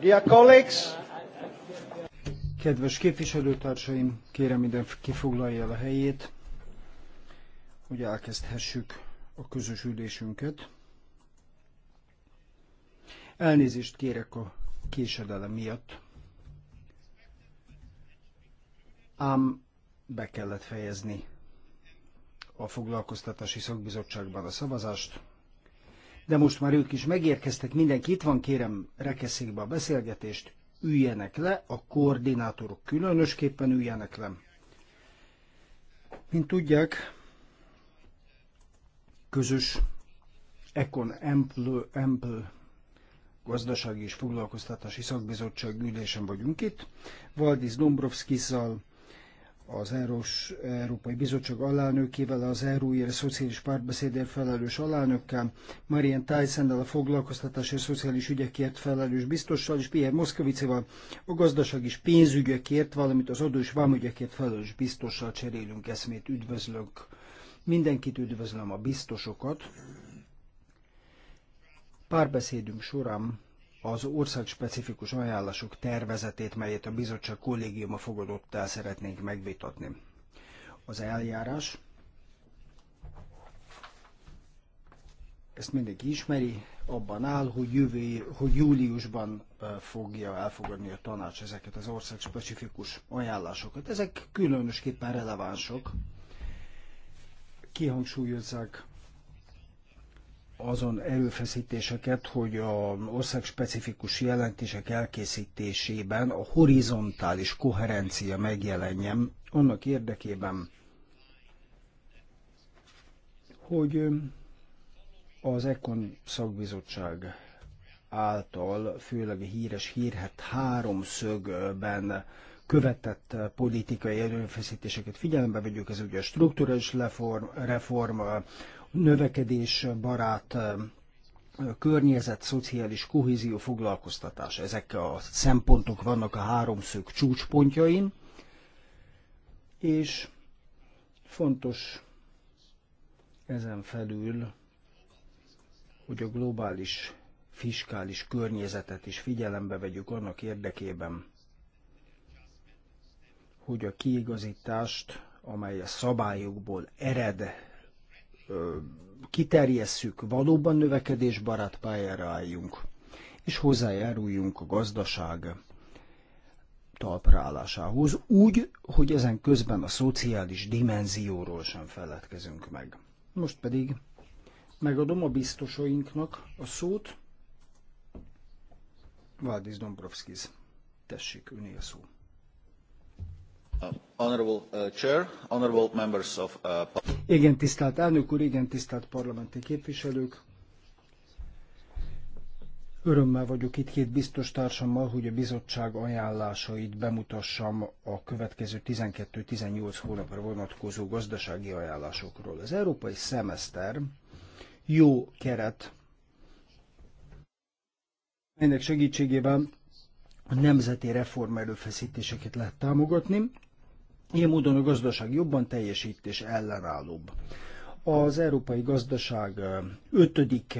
Dear colleagues. Kedves képviselőtársaim, kérem ide kifoglalja a helyét, hogy elkezdhessük a közös ülésünket. Elnézést kérek a késedelem miatt, ám be kellett fejezni a foglalkoztatási szakbizottságban a szavazást, de most már ők is megérkeztek, mindenki itt van, kérem, rekeszik be a beszélgetést, üljenek le, a koordinátorok különösképpen üljenek le. Mint tudják, közös Econ Ample, Ample gazdasági és foglalkoztatási szakbizottság ülésen vagyunk itt. Valdis szal az Eros Európai Bizottság alelnökével, az Euróért Szociális Párbeszédért felelős alelnökkel, Marian tyson a foglalkoztatás és szociális ügyekért felelős biztossal, és Pierre Moszkovicival a gazdaság és pénzügyekért, valamint az adó és vámügyekért felelős biztossal cserélünk eszmét. Üdvözlök mindenkit, üdvözlöm a biztosokat. Párbeszédünk során az ország specifikus ajánlások tervezetét, melyet a bizottság kollégiuma fogadott el, szeretnénk megvitatni. Az eljárás, ezt mindenki ismeri, abban áll, hogy, jövő, hogy júliusban fogja elfogadni a tanács ezeket az ország specifikus ajánlásokat. Ezek különösképpen relevánsok. Kihangsúlyozzák azon előfeszítéseket, hogy a specifikus jelentések elkészítésében a horizontális koherencia megjelenjen, annak érdekében, hogy az Ekon szakbizottság által, főleg a híres hírhet háromszögben követett politikai erőfeszítéseket figyelembe vegyük, ez ugye a strukturális reform, reform növekedés barát környezet, szociális kohézió, foglalkoztatás. Ezek a szempontok vannak a háromszög csúcspontjain, és fontos ezen felül, hogy a globális fiskális környezetet is figyelembe vegyük annak érdekében, hogy a kiigazítást, amely a szabályokból ered, kiterjesszük, valóban növekedésbarát pályára álljunk, és hozzájáruljunk a gazdaság talpraállásához, úgy, hogy ezen közben a szociális dimenzióról sem feledkezünk meg. Most pedig megadom a biztosainknak a szót. Valdis Dombrovskis, tessék, öné a szó. Uh, uh, uh, igen, tisztelt elnök úr, igen, tisztelt parlamenti képviselők. Örömmel vagyok itt két biztos társammal, hogy a bizottság ajánlásait bemutassam a következő 12-18 hónapra vonatkozó gazdasági ajánlásokról. Az európai szemeszter jó keret, ennek segítségével a nemzeti reform erőfeszítéseket lehet támogatni, Ilyen módon a gazdaság jobban teljesít és ellenállóbb. Az európai gazdaság ötödik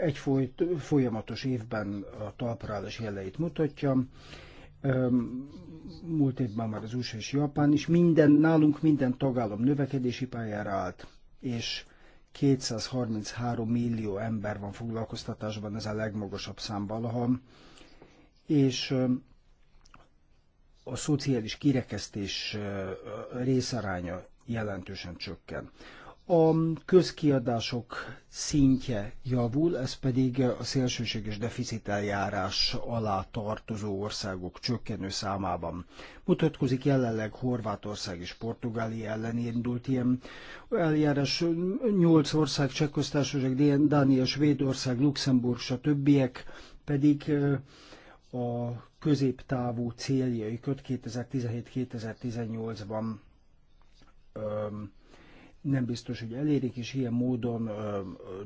egy folyamatos évben a talprálás jeleit mutatja. Múlt évben már az USA és Japán is. Minden, nálunk minden tagállam növekedési pályára állt, és 233 millió ember van foglalkoztatásban, ez a legmagasabb szám valaha. És a szociális kirekesztés részaránya jelentősen csökken. A közkiadások szintje javul, ez pedig a szélsőséges deficiteljárás alá tartozó országok csökkenő számában. Mutatkozik jelenleg Horvátország és Portugália ellen indult ilyen eljárás. Nyolc ország, Csehköztársaság, Dánia, Svédország, Luxemburg, stb. pedig a középtávú céljaikat 2017-2018-ban nem biztos, hogy elérik, és ilyen módon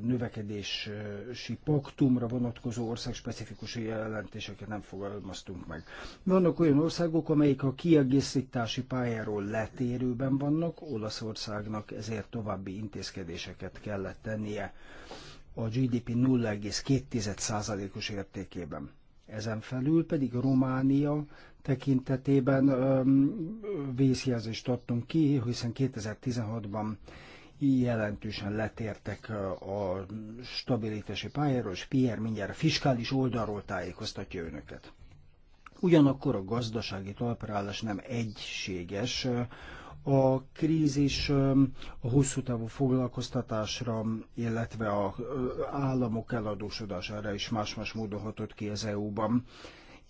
növekedési paktumra vonatkozó országspecifikus jelentéseket nem fogalmaztunk meg. Vannak olyan országok, amelyik a kiegészítési pályáról letérőben vannak, Olaszországnak ezért további intézkedéseket kellett tennie a GDP 0,2%-os értékében. Ezen felül pedig Románia tekintetében vészjelzést adtunk ki, hiszen 2016-ban jelentősen letértek a stabilitási pályáról, és Pierre mindjárt a fiskális oldalról tájékoztatja önöket. Ugyanakkor a gazdasági talprálás nem egységes a krízis a hosszú távú foglalkoztatásra, illetve a államok eladósodására is más-más módon hatott ki az EU-ban.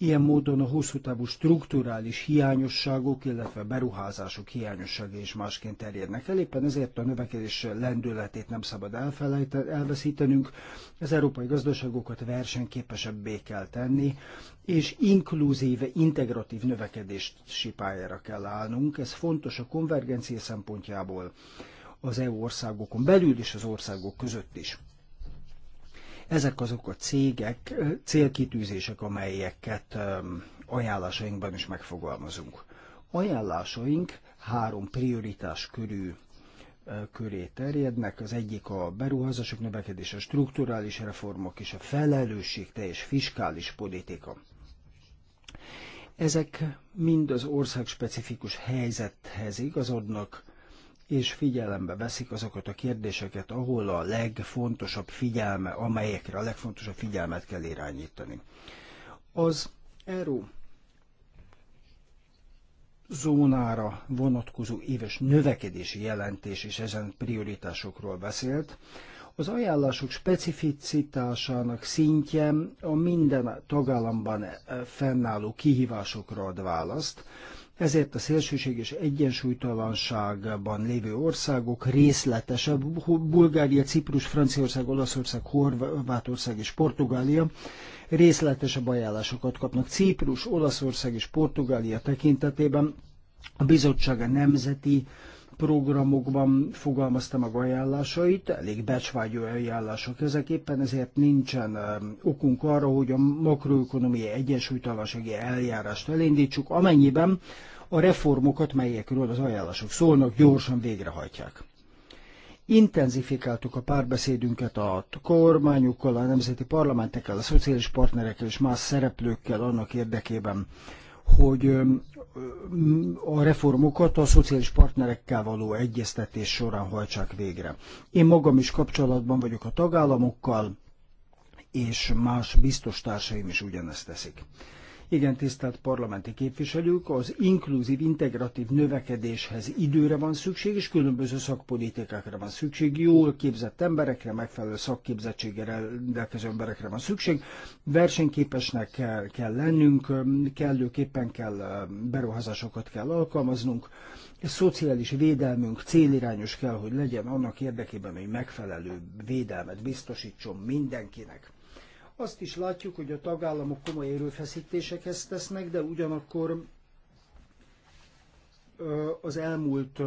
Ilyen módon a hosszú távú strukturális hiányosságok, illetve beruházások hiányossága is másként terjednek el. Éppen ezért a növekedés lendületét nem szabad elveszítenünk. Az európai gazdaságokat versenyképesebbé kell tenni, és inkluzíve, integratív növekedési pályára kell állnunk. Ez fontos a konvergencia szempontjából az EU országokon belül és az országok között is. Ezek azok a cégek, célkitűzések, amelyeket ajánlásainkban is megfogalmazunk. Ajánlásaink három prioritás körül köré terjednek. Az egyik a beruházások növekedése, a strukturális reformok és a teljes fiskális politika. Ezek mind az ország specifikus helyzethez igazodnak, és figyelembe veszik azokat a kérdéseket, ahol a legfontosabb figyelme, amelyekre a legfontosabb figyelmet kell irányítani. Az ERO zónára vonatkozó éves növekedési jelentés is ezen prioritásokról beszélt. Az ajánlások specificitásának szintje a minden tagállamban fennálló kihívásokra ad választ ezért a szélsőség és egyensúlytalanságban lévő országok részletesebb, Bulgária, Ciprus, Franciaország, Olaszország, Horvátország és Portugália részletesebb ajánlásokat kapnak. Ciprus, Olaszország és Portugália tekintetében a bizottság a nemzeti programokban fogalmazta meg ajánlásait, elég becsvágyó ajánlások ezek, éppen ezért nincsen um, okunk arra, hogy a makroökonomiai egyensúlytalansági eljárást elindítsuk, amennyiben a reformokat, melyekről az ajánlások szólnak, gyorsan végrehajtják. Intenzifikáltuk a párbeszédünket a kormányokkal, a nemzeti parlamentekkel, a szociális partnerekkel és más szereplőkkel annak érdekében, hogy a reformokat a szociális partnerekkel való egyeztetés során hajtsák végre. Én magam is kapcsolatban vagyok a tagállamokkal, és más biztos társaim is ugyanezt teszik. Igen, tisztelt parlamenti képviselők, az inkluzív, integratív növekedéshez időre van szükség, és különböző szakpolitikákra van szükség, jól képzett emberekre, megfelelő szakképzettséggel rendelkező emberekre van szükség, versenyképesnek kell, kell lennünk, kellőképpen kell beruházásokat kell alkalmaznunk, és szociális védelmünk célirányos kell, hogy legyen annak érdekében, hogy megfelelő védelmet biztosítson mindenkinek. Azt is látjuk, hogy a tagállamok komoly erőfeszítésekhez tesznek, de ugyanakkor az elmúlt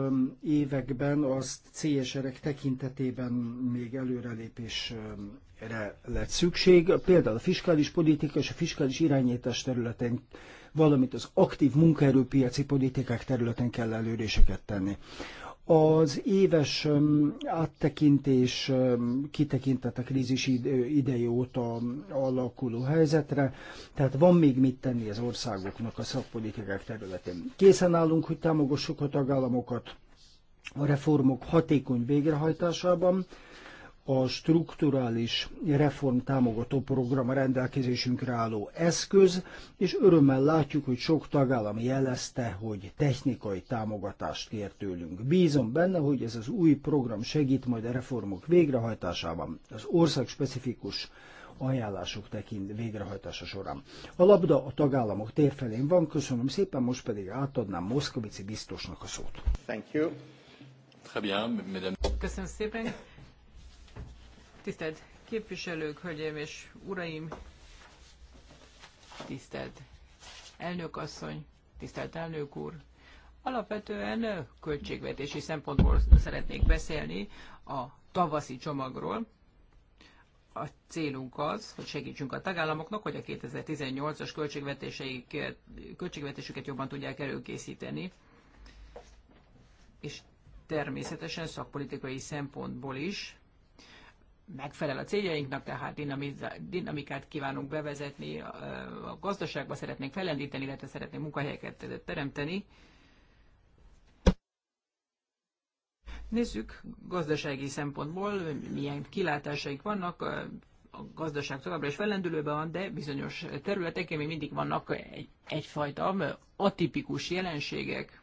években az CSR-ek tekintetében még előrelépésre lett szükség. Például a fiskális politika és a fiskális irányítás területen, valamint az aktív munkaerőpiaci politikák területen kell előréseket tenni. Az éves áttekintés kitekintett a krízis ideje óta alakuló helyzetre, tehát van még mit tenni az országoknak a szakpolitikák területén. Készen állunk, hogy támogassuk a tagállamokat a reformok hatékony végrehajtásában, a strukturális reform támogató program a rendelkezésünkre álló eszköz, és örömmel látjuk, hogy sok tagállam jelezte, hogy technikai támogatást kér tőlünk. Bízom benne, hogy ez az új program segít majd a reformok végrehajtásában, az ország specifikus ajánlások tekint végrehajtása során. A labda a tagállamok térfelén van, köszönöm szépen, most pedig átadnám Moszkovici biztosnak a szót. Thank you. Très bien, Köszönöm szépen. Tisztelt képviselők, hölgyeim és uraim, tisztelt elnökasszony, tisztelt elnök úr, Alapvetően költségvetési szempontból szeretnék beszélni a tavaszi csomagról. A célunk az, hogy segítsünk a tagállamoknak, hogy a 2018-as költségvetésüket jobban tudják előkészíteni, és természetesen szakpolitikai szempontból is megfelel a céljainknak, tehát dinamikát kívánunk bevezetni, a gazdaságba szeretnénk felendíteni, illetve szeretnénk munkahelyeket teremteni. Nézzük gazdasági szempontból, milyen kilátásaik vannak, a gazdaság továbbra is fellendülőben van, de bizonyos területeken még mindig vannak egyfajta atipikus jelenségek,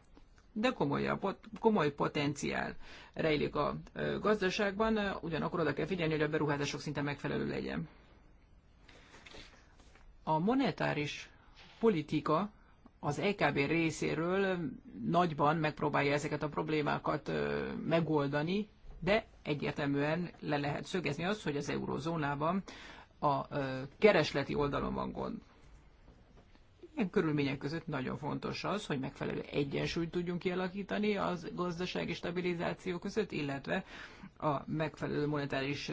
de komolyabb, komoly potenciál rejlik a gazdaságban, ugyanakkor oda kell figyelni, hogy a beruházások szinte megfelelő legyen. A monetáris politika az EKB részéről nagyban megpróbálja ezeket a problémákat megoldani, de egyértelműen le lehet szögezni azt, hogy az eurozónában a keresleti oldalon van gond. Ilyen körülmények között nagyon fontos az, hogy megfelelő egyensúlyt tudjunk kialakítani az gazdasági stabilizáció között, illetve a megfelelő monetáris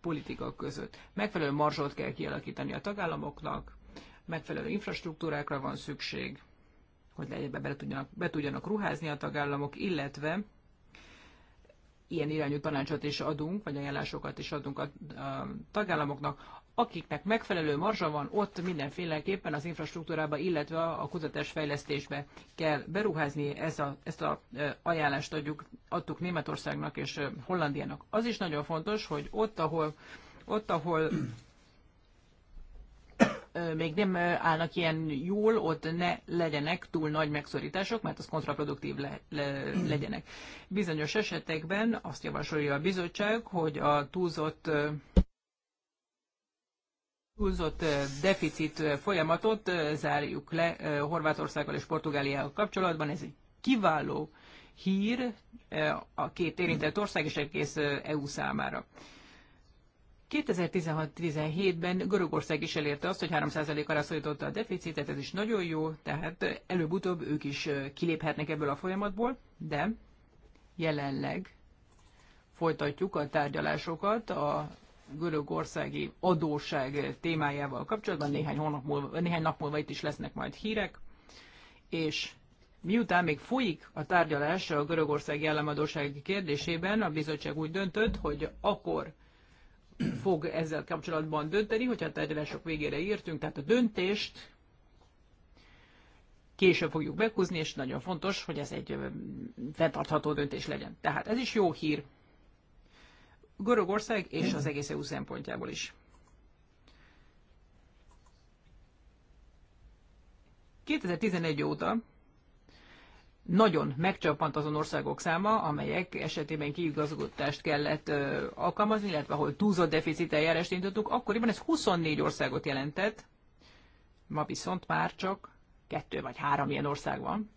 politika között. Megfelelő marzsot kell kialakítani a tagállamoknak, megfelelő infrastruktúrákra van szükség, hogy legyebe be tudjanak, be tudjanak ruházni a tagállamok, illetve ilyen irányú tanácsot is adunk, vagy ajánlásokat is adunk a, a tagállamoknak, akiknek megfelelő marzsa van, ott mindenféleképpen az infrastruktúrába, illetve a kutatás fejlesztésbe kell beruházni. Ez a, ezt a ajánlást adjuk, adtuk Németországnak és Hollandiának. Az is nagyon fontos, hogy ott, ahol, ott, ahol még nem állnak ilyen jól, ott ne legyenek túl nagy megszorítások, mert az kontraproduktív le, le, legyenek. Bizonyos esetekben azt javasolja a bizottság, hogy a túlzott túlzott deficit folyamatot zárjuk le Horvátországgal és Portugáliával kapcsolatban. Ez egy kiváló hír a két érintett ország és egész EU számára. 2016-17-ben Görögország is elérte azt, hogy 3 alá szorította a deficitet, ez is nagyon jó, tehát előbb-utóbb ők is kiléphetnek ebből a folyamatból, de jelenleg folytatjuk a tárgyalásokat a görögországi adóság témájával kapcsolatban. Néhány, hónap múlva, néhány nap múlva itt is lesznek majd hírek, és miután még folyik a tárgyalás a görögországi államadóság kérdésében, a bizottság úgy döntött, hogy akkor fog ezzel kapcsolatban dönteni, hogyha a tárgyalások végére írtunk, tehát a döntést később fogjuk meghúzni, és nagyon fontos, hogy ez egy fenntartható döntés legyen. Tehát ez is jó hír Görögország és az egész EU szempontjából is. 2011 óta nagyon megcsapant azon országok száma, amelyek esetében kiigazgatást kellett ö, alkalmazni, illetve ahol túlzott deficit eljárást indítottuk, akkoriban ez 24 országot jelentett, ma viszont már csak kettő vagy három ilyen ország van.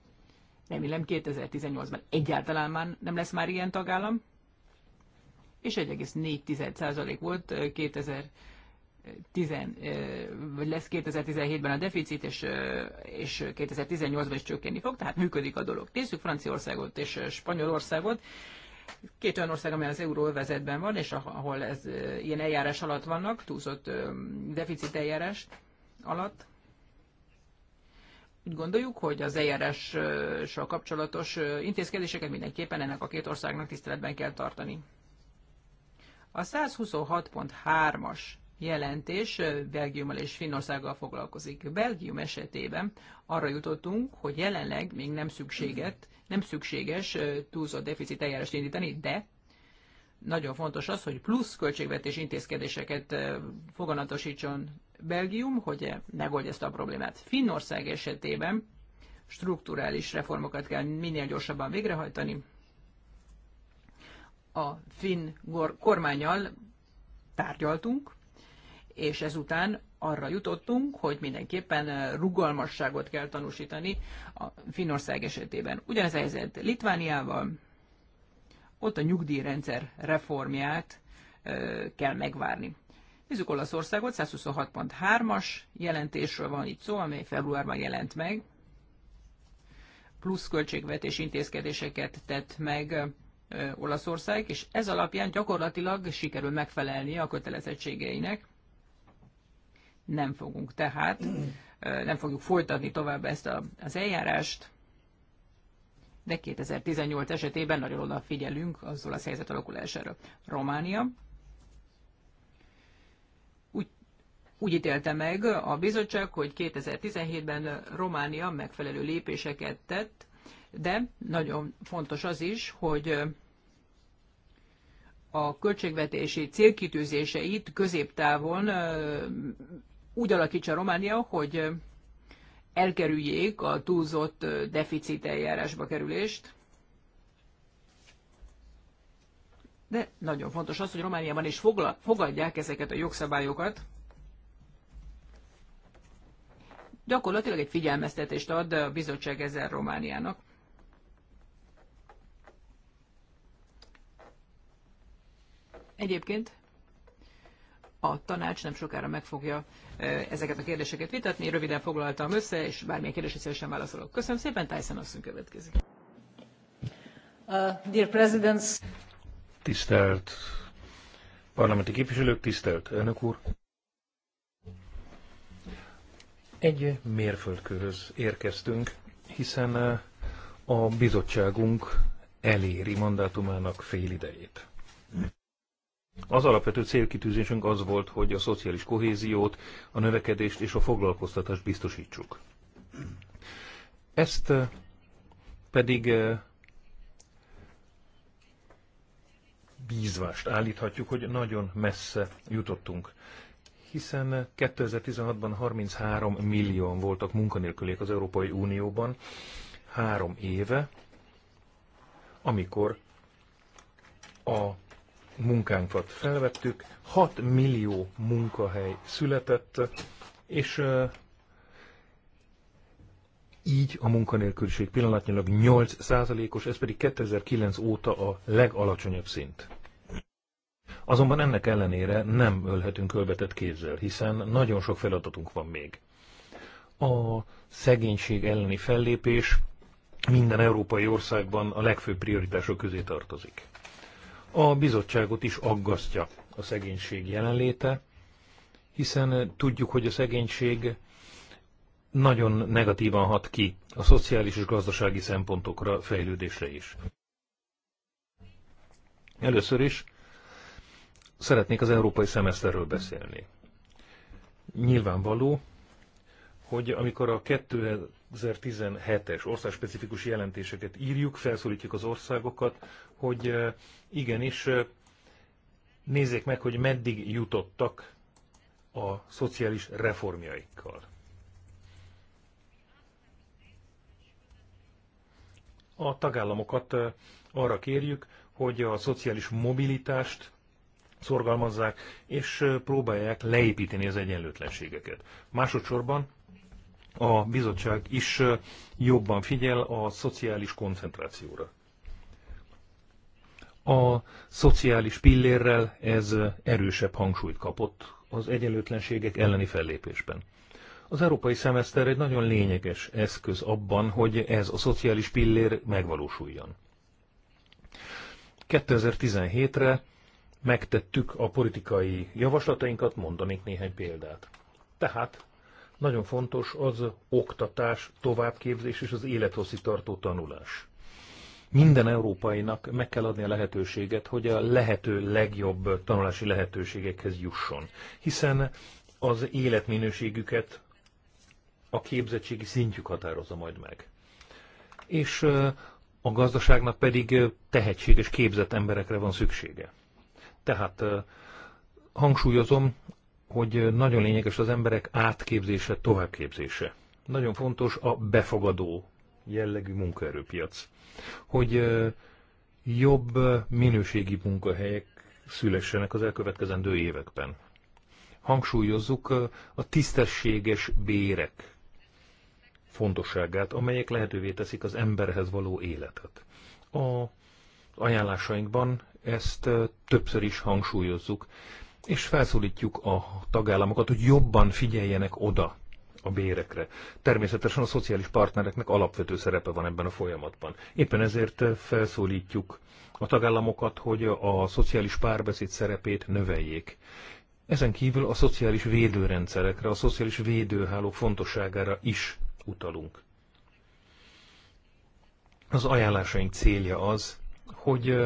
Remélem 2018-ban egyáltalán már nem lesz már ilyen tagállam és 1,4% volt 2000 Tizen, vagy lesz 2017-ben a deficit, és, és 2018-ban is csökkenni fog, tehát működik a dolog. Nézzük Franciaországot és Spanyolországot. Két olyan ország, amely az euróvezetben van, és ahol ez ilyen eljárás alatt vannak, túlzott deficit eljárás alatt. Úgy gondoljuk, hogy az eljárással kapcsolatos intézkedéseket mindenképpen ennek a két országnak tiszteletben kell tartani. A 126.3-as jelentés Belgiummal és Finnországgal foglalkozik. Belgium esetében arra jutottunk, hogy jelenleg még nem szükséget, nem szükséges túlzott deficit eljárást indítani, de nagyon fontos az, hogy plusz költségvetés intézkedéseket foganatosítson Belgium, hogy megoldja ezt a problémát. Finnország esetében strukturális reformokat kell minél gyorsabban végrehajtani, a finn kormányal tárgyaltunk, és ezután arra jutottunk, hogy mindenképpen rugalmasságot kell tanúsítani a Finnország esetében. Ugyanez a helyzet Litvániával, ott a nyugdíjrendszer reformját ö, kell megvárni. Nézzük Olaszországot, 126.3-as jelentésről van itt szó, amely februárban jelent meg. Plusz költségvetés intézkedéseket tett meg Olaszország, és ez alapján gyakorlatilag sikerül megfelelni a kötelezettségeinek. Nem fogunk tehát, nem fogjuk folytatni tovább ezt a, az eljárást, de 2018 esetében nagyon odafigyelünk az olasz helyzet alakulására. Románia. Úgy, úgy ítélte meg a bizottság, hogy 2017-ben Románia megfelelő lépéseket tett, de nagyon fontos az is, hogy a költségvetési célkitűzéseit középtávon úgy alakítsa Románia, hogy elkerüljék a túlzott deficit eljárásba kerülést. De nagyon fontos az, hogy Romániában is fogadják ezeket a jogszabályokat, gyakorlatilag egy figyelmeztetést ad a bizottság ezzel Romániának. Egyébként a tanács nem sokára meg fogja e, ezeket a kérdéseket vitatni. Röviden foglaltam össze, és bármilyen kérdésre szívesen válaszolok. Köszönöm szépen, Tyson asszony következik. Uh, dear presidents. Tisztelt parlamenti képviselők, tisztelt elnök úr! Egy mérföldkőhöz érkeztünk, hiszen eh, a bizottságunk eléri mandátumának fél idejét. Az alapvető célkitűzésünk az volt, hogy a szociális kohéziót, a növekedést és a foglalkoztatást biztosítsuk. Ezt eh, pedig eh, bízvást állíthatjuk, hogy nagyon messze jutottunk hiszen 2016-ban 33 millióan voltak munkanélküliek az Európai Unióban, három éve, amikor a munkánkat felvettük, 6 millió munkahely született, és így a munkanélküliség pillanatnyilag 8 százalékos, ez pedig 2009 óta a legalacsonyabb szint. Azonban ennek ellenére nem ölhetünk ölbetett kézzel, hiszen nagyon sok feladatunk van még. A szegénység elleni fellépés minden európai országban a legfőbb prioritások közé tartozik. A bizottságot is aggasztja a szegénység jelenléte, hiszen tudjuk, hogy a szegénység nagyon negatívan hat ki a szociális és gazdasági szempontokra, fejlődésre is. Először is szeretnék az európai szemeszterről beszélni. Nyilvánvaló, hogy amikor a 2017-es országspecifikus jelentéseket írjuk, felszólítjuk az országokat, hogy igenis nézzék meg, hogy meddig jutottak a szociális reformjaikkal. A tagállamokat arra kérjük, hogy a szociális mobilitást szorgalmazzák, és próbálják leépíteni az egyenlőtlenségeket. Másodszorban a bizottság is jobban figyel a szociális koncentrációra. A szociális pillérrel ez erősebb hangsúlyt kapott az egyenlőtlenségek elleni fellépésben. Az európai szemeszter egy nagyon lényeges eszköz abban, hogy ez a szociális pillér megvalósuljon. 2017-re megtettük a politikai javaslatainkat, mondanék néhány példát. Tehát nagyon fontos az oktatás, továbbképzés és az tartó tanulás. Minden európainak meg kell adni a lehetőséget, hogy a lehető legjobb tanulási lehetőségekhez jusson, hiszen az életminőségüket a képzettségi szintjük határozza majd meg. És a gazdaságnak pedig tehetséges, képzett emberekre van szüksége. Tehát hangsúlyozom, hogy nagyon lényeges az emberek átképzése, továbbképzése. Nagyon fontos a befogadó jellegű munkaerőpiac. Hogy jobb minőségi munkahelyek szülessenek az elkövetkezendő években. Hangsúlyozzuk a tisztességes bérek fontosságát, amelyek lehetővé teszik az emberhez való életet. A ajánlásainkban ezt többször is hangsúlyozzuk, és felszólítjuk a tagállamokat, hogy jobban figyeljenek oda a bérekre. Természetesen a szociális partnereknek alapvető szerepe van ebben a folyamatban. Éppen ezért felszólítjuk a tagállamokat, hogy a szociális párbeszéd szerepét növeljék. Ezen kívül a szociális védőrendszerekre, a szociális védőhálók fontosságára is utalunk. Az ajánlásaink célja az, hogy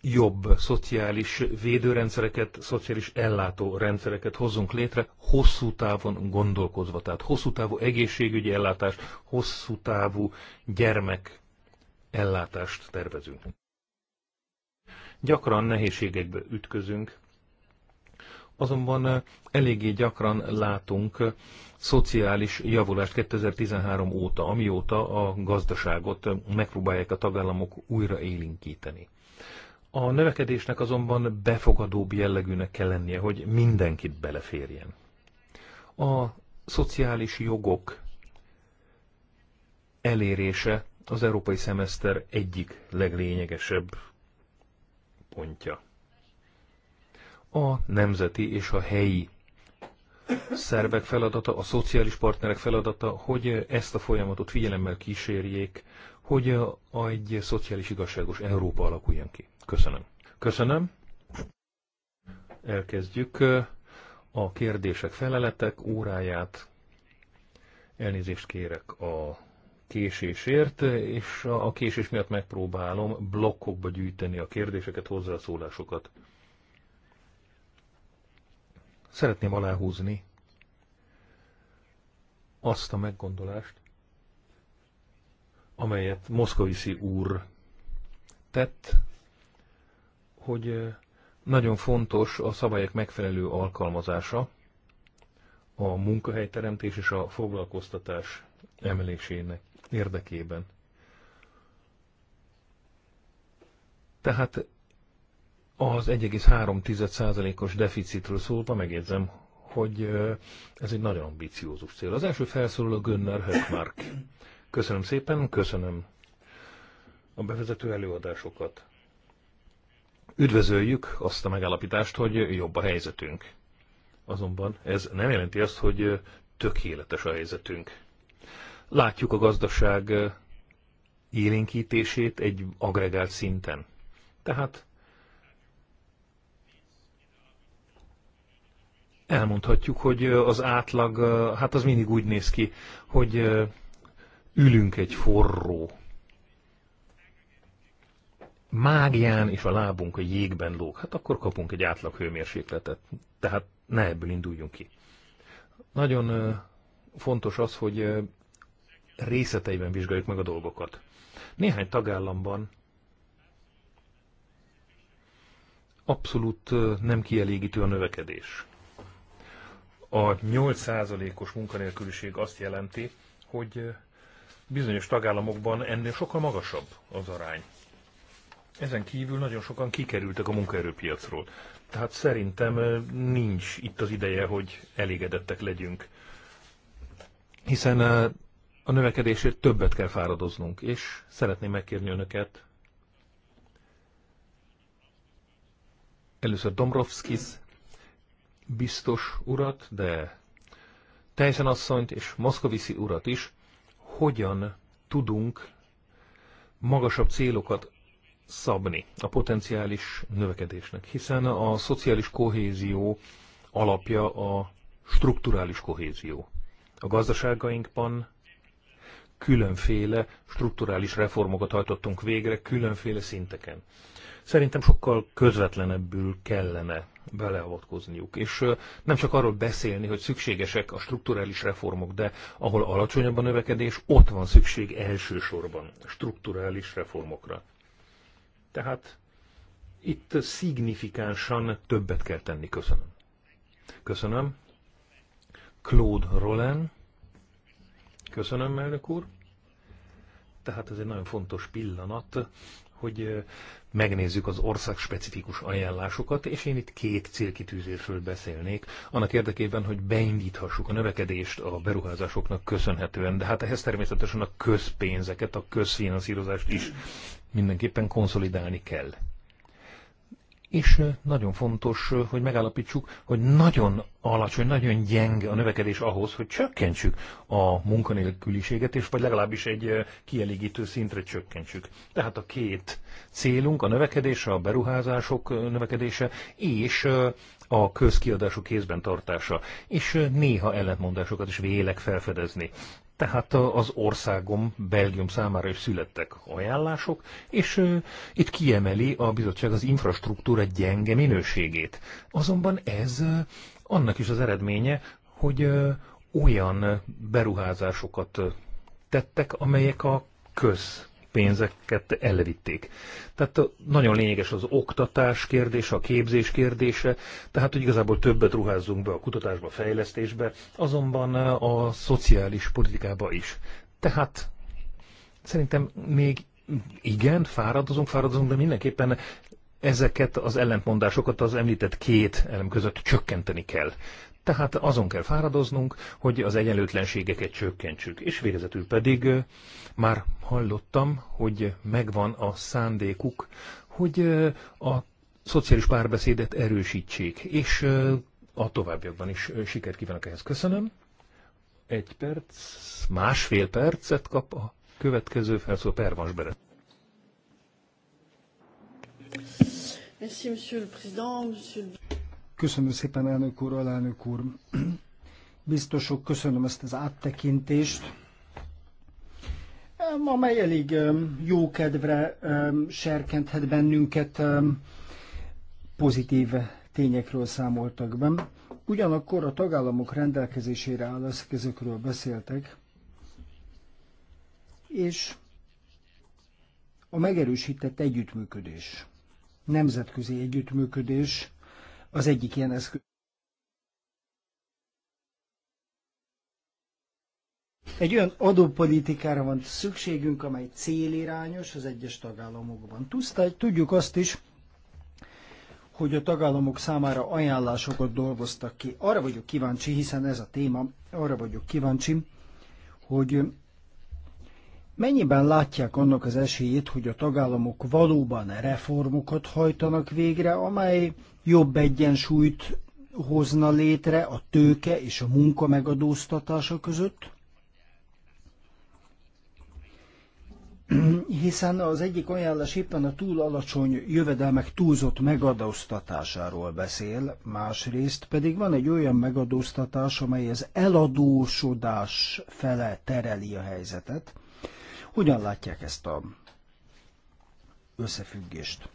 jobb szociális védőrendszereket, szociális ellátó rendszereket hozzunk létre, hosszú távon gondolkozva. Tehát hosszú távú egészségügyi ellátást, hosszú távú gyermek ellátást tervezünk. Gyakran nehézségekbe ütközünk, azonban eléggé gyakran látunk szociális javulást 2013 óta, amióta a gazdaságot megpróbálják a tagállamok újra élinkíteni. A növekedésnek azonban befogadóbb jellegűnek kell lennie, hogy mindenkit beleférjen. A szociális jogok elérése az európai szemeszter egyik leglényegesebb pontja. A nemzeti és a helyi szervek feladata, a szociális partnerek feladata, hogy ezt a folyamatot figyelemmel kísérjék, hogy egy szociális igazságos Európa alakuljon ki. Köszönöm. Köszönöm. Elkezdjük a kérdések feleletek óráját. Elnézést kérek a késésért, és a késés miatt megpróbálom blokkokba gyűjteni a kérdéseket, hozzászólásokat. Szeretném aláhúzni azt a meggondolást, amelyet Moszkovici úr tett hogy nagyon fontos a szabályok megfelelő alkalmazása, a munkahelyteremtés és a foglalkoztatás emelésének érdekében. Tehát az 1,3%-os deficitről szólva megjegyzem, hogy ez egy nagyon ambiciózus cél. Az első felszólaló Gönner Höckmark. Köszönöm szépen, köszönöm a bevezető előadásokat. Üdvözöljük azt a megállapítást, hogy jobb a helyzetünk. Azonban ez nem jelenti azt, hogy tökéletes a helyzetünk. Látjuk a gazdaság élénkítését egy agregált szinten. Tehát elmondhatjuk, hogy az átlag, hát az mindig úgy néz ki, hogy ülünk egy forró mágián és a lábunk a jégben lóg, hát akkor kapunk egy átlag hőmérsékletet. Tehát ne ebből induljunk ki. Nagyon fontos az, hogy részleteiben vizsgáljuk meg a dolgokat. Néhány tagállamban abszolút nem kielégítő a növekedés. A 8%-os munkanélküliség azt jelenti, hogy bizonyos tagállamokban ennél sokkal magasabb az arány. Ezen kívül nagyon sokan kikerültek a munkaerőpiacról. Tehát szerintem nincs itt az ideje, hogy elégedettek legyünk. Hiszen a növekedésért többet kell fáradoznunk, és szeretném megkérni önöket. Először Domrovskis biztos urat, de Teljesen asszonyt és Moszkoviszi urat is, hogyan tudunk magasabb célokat szabni a potenciális növekedésnek, hiszen a szociális kohézió alapja a strukturális kohézió. A gazdaságainkban különféle strukturális reformokat hajtottunk végre különféle szinteken. Szerintem sokkal közvetlenebbül kellene beleavatkozniuk. És nem csak arról beszélni, hogy szükségesek a strukturális reformok, de ahol alacsonyabb a növekedés, ott van szükség elsősorban strukturális reformokra. Tehát itt szignifikánsan többet kell tenni. Köszönöm. Köszönöm. Claude Roland. Köszönöm, elnök úr. Tehát ez egy nagyon fontos pillanat, hogy megnézzük az ország specifikus ajánlásokat, és én itt két célkitűzésről beszélnék, annak érdekében, hogy beindíthassuk a növekedést a beruházásoknak köszönhetően, de hát ehhez természetesen a közpénzeket, a közfinanszírozást is mindenképpen konszolidálni kell. És nagyon fontos, hogy megállapítsuk, hogy nagyon alacsony, nagyon gyenge a növekedés ahhoz, hogy csökkentsük a munkanélküliséget, és vagy legalábbis egy kielégítő szintre csökkentsük. Tehát a két célunk, a növekedés, a beruházások növekedése, és a közkiadások kézben tartása, és néha ellentmondásokat is vélek felfedezni. Tehát az országom Belgium számára is születtek ajánlások, és itt kiemeli a bizottság az infrastruktúra gyenge minőségét. Azonban ez annak is az eredménye, hogy olyan beruházásokat tettek, amelyek a köz pénzeket elvitték. Tehát nagyon lényeges az oktatás kérdése, a képzés kérdése, tehát hogy igazából többet ruházzunk be a kutatásba, a fejlesztésbe, azonban eh, a szociális politikába is. Tehát szerintem még igen, fáradozunk, fáradozunk, de mindenképpen ezeket az ellentmondásokat az említett két elem között csökkenteni kell. Tehát azon kell fáradoznunk, hogy az egyenlőtlenségeket csökkentsük. És végezetül pedig már hallottam, hogy megvan a szándékuk, hogy a szociális párbeszédet erősítsék, és a továbbiakban is sikert kívánok ehhez. Köszönöm. Egy perc, másfél percet kap a következő felszó Pervans Beret. Köszönöm szépen, elnök úr, alelnök úr. Biztosok, köszönöm ezt az áttekintést, amely elég jó kedvre serkenthet bennünket, pozitív tényekről számoltak be. Ugyanakkor a tagállamok rendelkezésére áll ezekről beszéltek, és a megerősített együttműködés, nemzetközi együttműködés az egyik ilyen eszköz. Egy olyan adópolitikára van szükségünk, amely célirányos az egyes tagállamokban. Tudjuk azt is, hogy a tagállamok számára ajánlásokat dolgoztak ki. Arra vagyok kíváncsi, hiszen ez a téma, arra vagyok kíváncsi, hogy Mennyiben látják annak az esélyét, hogy a tagállamok valóban reformokat hajtanak végre, amely jobb egyensúlyt hozna létre a tőke és a munka megadóztatása között? Hiszen az egyik ajánlás éppen a túl alacsony jövedelmek túlzott megadóztatásáról beszél, másrészt pedig van egy olyan megadóztatás, amely az eladósodás fele tereli a helyzetet, hogyan látják ezt a összefüggést?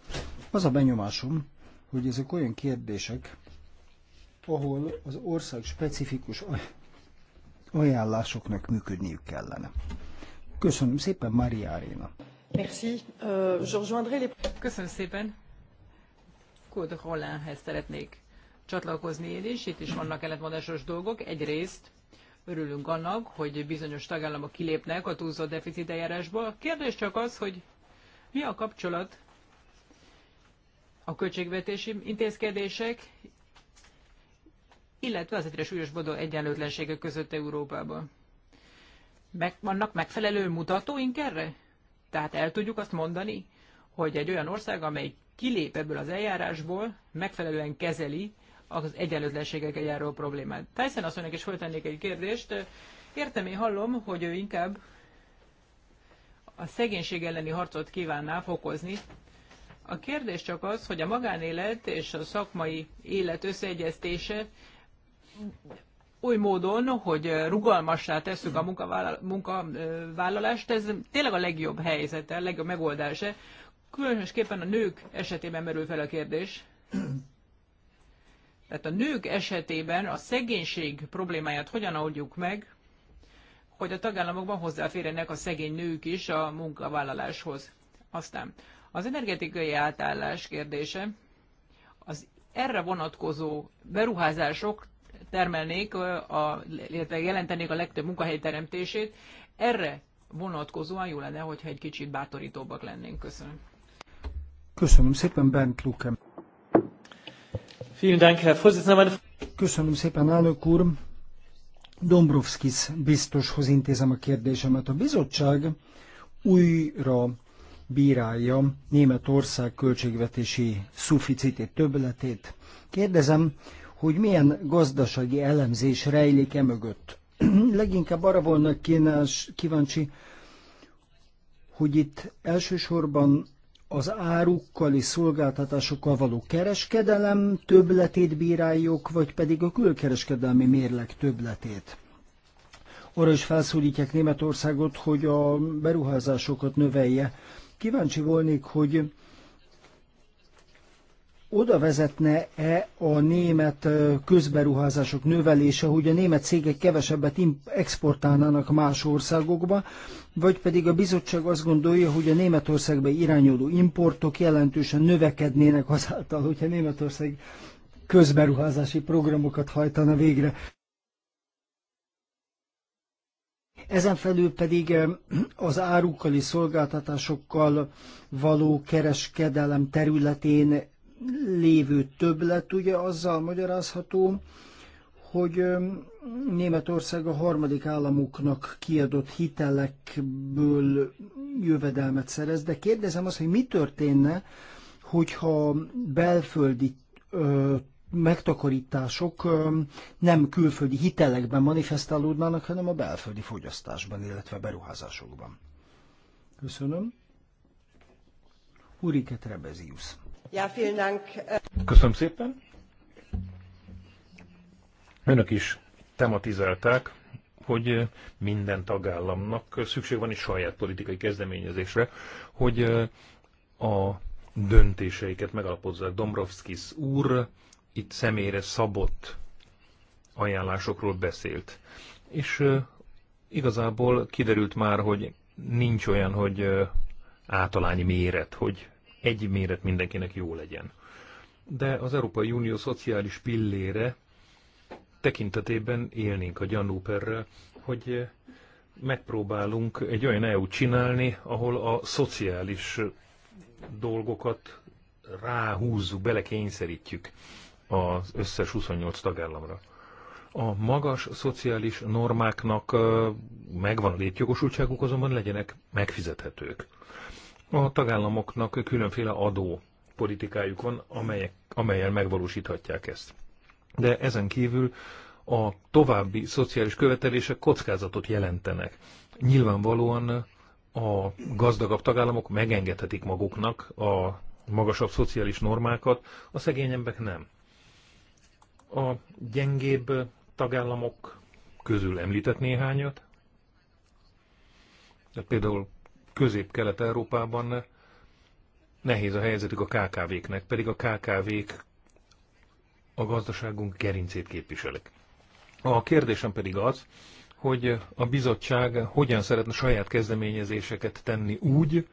Az a benyomásom, hogy ezek olyan kérdések, ahol az ország specifikus ajánlásoknak működniük kellene. Köszönöm szépen, Maria Arena. Merci. Euh, Köszönöm szépen. Claude Hollánhez szeretnék csatlakozni én is. Itt is vannak ellentmondásos dolgok. Egyrészt Örülünk annak, hogy bizonyos tagállamok kilépnek a túlzott deficit eljárásból. kérdés csak az, hogy mi a kapcsolat a költségvetési intézkedések, illetve az egyre súlyosbodó egyenlőtlenségek között Európában. Meg, vannak megfelelő mutatóink erre? Tehát el tudjuk azt mondani, hogy egy olyan ország, amely kilép ebből az eljárásból, megfelelően kezeli az egyenlőtlenségekkel járó problémát. Tyson mondja, és föltennék egy kérdést. Értem, én hallom, hogy ő inkább a szegénység elleni harcot kívánná fokozni. A kérdés csak az, hogy a magánélet és a szakmai élet összeegyeztése oly módon, hogy rugalmassá tesszük a munkavállalást, ez tényleg a legjobb helyzete, a legjobb megoldása. Különösképpen a nők esetében merül fel a kérdés tehát a nők esetében a szegénység problémáját hogyan oldjuk meg, hogy a tagállamokban hozzáférjenek a szegény nők is a munkavállaláshoz. Aztán az energetikai átállás kérdése, az erre vonatkozó beruházások termelnék, a, illetve jelentenék a legtöbb munkahely teremtését. Erre vonatkozóan jó lenne, hogyha egy kicsit bátorítóbbak lennénk. Köszönöm. Köszönöm szépen, Bent Lukem. Köszönöm szépen, elnök úr. Dombrovskis biztoshoz intézem a kérdésemet. A bizottság újra bírálja Németország költségvetési szuficitét, többletét. Kérdezem, hogy milyen gazdasági elemzés rejlik e mögött. Leginkább arra volna kínás, kíváncsi, hogy itt elsősorban az árukkal és szolgáltatásokkal való kereskedelem töbletét bíráljuk, vagy pedig a külkereskedelmi mérleg töbletét. Arra is felszólítják Németországot, hogy a beruházásokat növelje. Kíváncsi volnék, hogy oda vezetne-e a német közberuházások növelése, hogy a német cégek kevesebbet exportálnának más országokba, vagy pedig a bizottság azt gondolja, hogy a Németországba irányuló importok jelentősen növekednének azáltal, hogyha Németország közberuházási programokat hajtana végre. Ezen felül pedig az árukkal és szolgáltatásokkal való kereskedelem területén lévő többlet ugye azzal magyarázható, hogy Németország a harmadik államoknak kiadott hitelekből jövedelmet szerez, de kérdezem azt, hogy mi történne, hogyha belföldi ö, megtakarítások ö, nem külföldi hitelekben manifestálódnának, hanem a belföldi fogyasztásban, illetve beruházásokban. Köszönöm. Urike Trebezius. Köszönöm szépen. Önök is tematizálták, hogy minden tagállamnak szükség van egy saját politikai kezdeményezésre, hogy a döntéseiket megalapozzák. Dombrovskis úr itt személyre szabott ajánlásokról beszélt. És igazából kiderült már, hogy nincs olyan, hogy általányi méret, hogy egy méret mindenkinek jó legyen. De az Európai Unió szociális pillére tekintetében élnénk a gyanúperrel, hogy megpróbálunk egy olyan EU-t csinálni, ahol a szociális dolgokat ráhúzzuk, belekényszerítjük az összes 28 tagállamra. A magas szociális normáknak megvan a létjogosultságuk, azonban legyenek megfizethetők. A tagállamoknak különféle adó politikájuk van, amelyek, amelyel megvalósíthatják ezt. De ezen kívül a további szociális követelések kockázatot jelentenek. Nyilvánvalóan a gazdagabb tagállamok megengedhetik maguknak a magasabb szociális normákat, a szegényebbek nem. A gyengébb tagállamok közül említett néhányat, de például Közép-Kelet-Európában nehéz a helyzetük a KKV-knek, pedig a KKV-k a gazdaságunk gerincét képviselik. A kérdésem pedig az, hogy a bizottság hogyan szeretne saját kezdeményezéseket tenni úgy,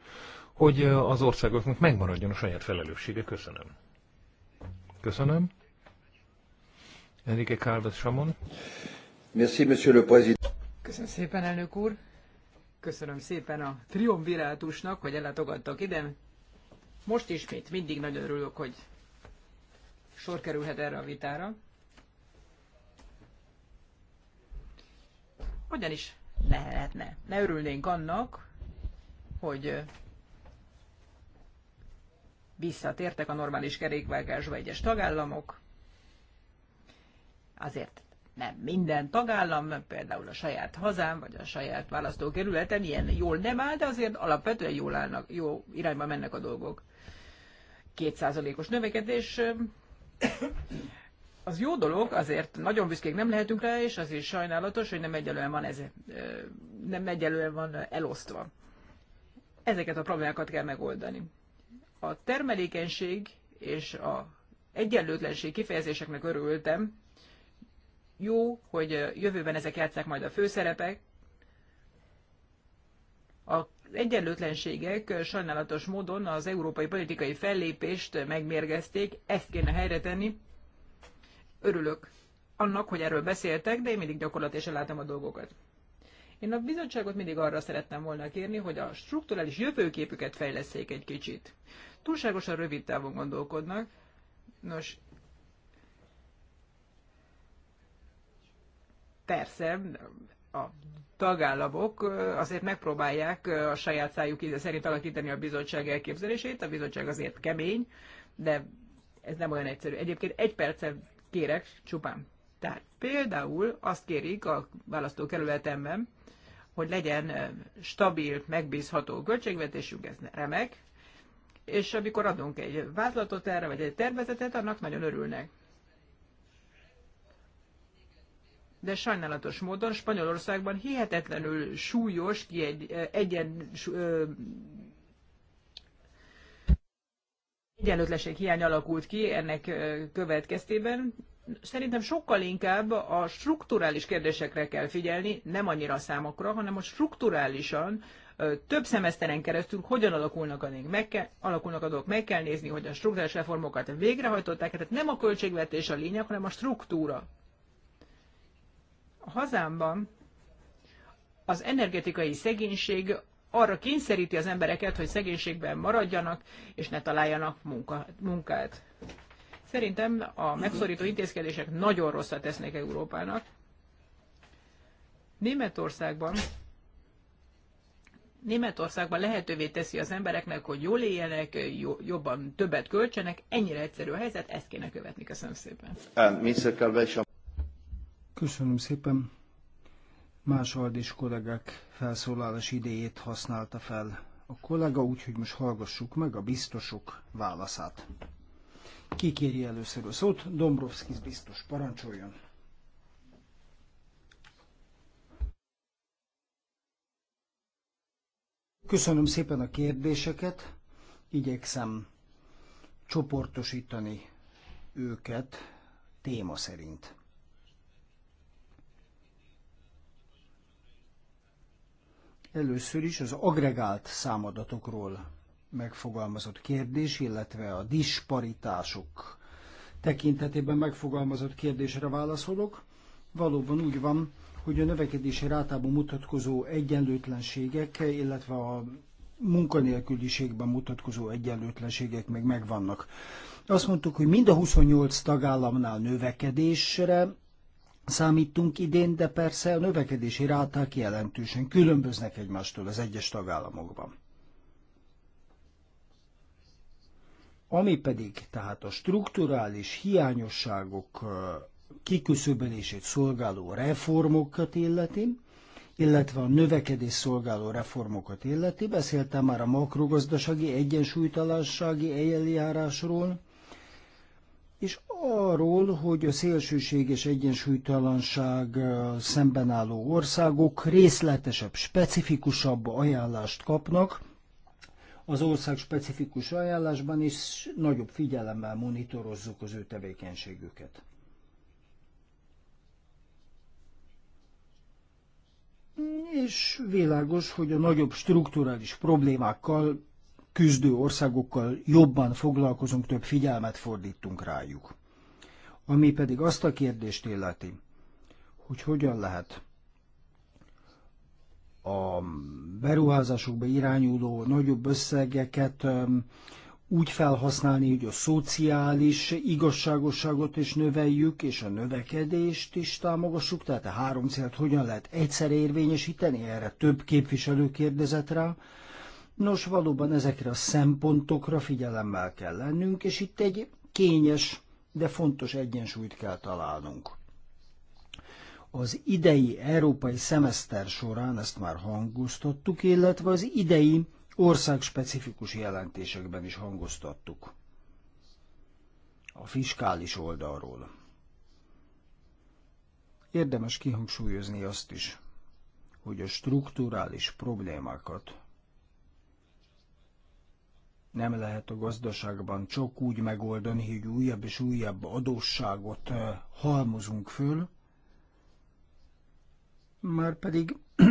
hogy az országoknak megmaradjon a saját felelőssége. Köszönöm. Köszönöm. Enrique Calvet Samon. Merci, monsieur le président. Köszönöm szépen, elnök úr. Köszönöm szépen a triumvirátusnak, hogy ellátogattak ide. Most ismét mindig nagyon örülök, hogy sor kerülhet erre a vitára. Hogyan is lehetne? Ne örülnénk annak, hogy visszatértek a normális kerékvágásba egyes tagállamok. Azért nem minden tagállam, például a saját hazám, vagy a saját választókerületen, ilyen jól nem áll, de azért alapvetően jól állnak, jó irányba mennek a dolgok. Kétszázalékos növekedés az jó dolog, azért nagyon büszkék nem lehetünk rá, és azért sajnálatos, hogy nem egyelően van ez, nem egyelően van elosztva. Ezeket a problémákat kell megoldani. A termelékenység és a egyenlőtlenség kifejezéseknek örültem, jó, hogy jövőben ezek játszák majd a főszerepek. A egyenlőtlenségek sajnálatos módon az európai politikai fellépést megmérgezték, ezt kéne helyre tenni. Örülök annak, hogy erről beszéltek, de én mindig gyakorlatilag látom a dolgokat. Én a bizottságot mindig arra szerettem volna kérni, hogy a strukturális jövőképüket fejleszék egy kicsit. Túlságosan rövid távon gondolkodnak. Nos, persze a tagállamok azért megpróbálják a saját szájuk íze szerint alakítani a bizottság elképzelését, a bizottság azért kemény, de ez nem olyan egyszerű. Egyébként egy percet kérek csupán. Tehát például azt kérik a választókerületemben, hogy legyen stabil, megbízható költségvetésünk, ez remek, és amikor adunk egy vázlatot erre, vagy egy tervezetet, annak nagyon örülnek. de sajnálatos módon Spanyolországban hihetetlenül súlyos, kiegy, egyen, egyenlőtlenség hiány alakult ki ennek következtében. Szerintem sokkal inkább a strukturális kérdésekre kell figyelni, nem annyira a számokra, hanem a strukturálisan több szemeszteren keresztül hogyan alakulnak a, meg kell, alakulnak a dolgok, meg kell nézni, hogy a struktúrás reformokat végrehajtották, tehát nem a költségvetés a lényeg, hanem a struktúra. A hazámban az energetikai szegénység arra kényszeríti az embereket, hogy szegénységben maradjanak, és ne találjanak munka, munkát. Szerintem a megszorító intézkedések nagyon rosszat tesznek Európának. Németországban Németországban lehetővé teszi az embereknek, hogy jól éljenek, jobban többet költsenek. Ennyire egyszerű a helyzet, ezt kéne követni. Köszönöm szépen. Uh, Mr. Köszönöm szépen. Más aldis kollégák felszólalás idejét használta fel a kollega, úgyhogy most hallgassuk meg a biztosok válaszát. Ki kéri először a szót? Dombrovskis biztos parancsoljon. Köszönöm szépen a kérdéseket, igyekszem csoportosítani őket téma szerint. Először is az agregált számadatokról megfogalmazott kérdés, illetve a disparitások tekintetében megfogalmazott kérdésre válaszolok. Valóban úgy van, hogy a növekedési rátában mutatkozó egyenlőtlenségek, illetve a munkanélküliségben mutatkozó egyenlőtlenségek meg megvannak. Azt mondtuk, hogy mind a 28 tagállamnál növekedésre számítunk idén, de persze a növekedési ráták jelentősen különböznek egymástól az egyes tagállamokban. Ami pedig tehát a strukturális hiányosságok kiküszöbölését szolgáló reformokat illeti, illetve a növekedés szolgáló reformokat illeti, beszéltem már a makrogazdasági egyensúlytalansági eljárásról, és arról, hogy a szélsőség és egyensúlytalanság szemben álló országok részletesebb, specifikusabb ajánlást kapnak, az ország specifikus ajánlásban is nagyobb figyelemmel monitorozzuk az ő tevékenységüket. És világos, hogy a nagyobb strukturális problémákkal küzdő országokkal jobban foglalkozunk, több figyelmet fordítunk rájuk. Ami pedig azt a kérdést illeti, hogy hogyan lehet a beruházásokba irányuló nagyobb összegeket um, úgy felhasználni, hogy a szociális igazságosságot is növeljük, és a növekedést is támogassuk, tehát a három célt hogyan lehet egyszer érvényesíteni, erre több képviselő kérdezett rá. Nos, valóban ezekre a szempontokra figyelemmel kell lennünk, és itt egy kényes de fontos egyensúlyt kell találnunk. Az idei európai szemeszter során ezt már hangoztattuk, illetve az idei országspecifikus jelentésekben is hangoztattuk. A fiskális oldalról. Érdemes kihangsúlyozni azt is, hogy a strukturális problémákat nem lehet a gazdaságban csak úgy megoldani, hogy újabb és újabb adósságot halmozunk föl, már pedig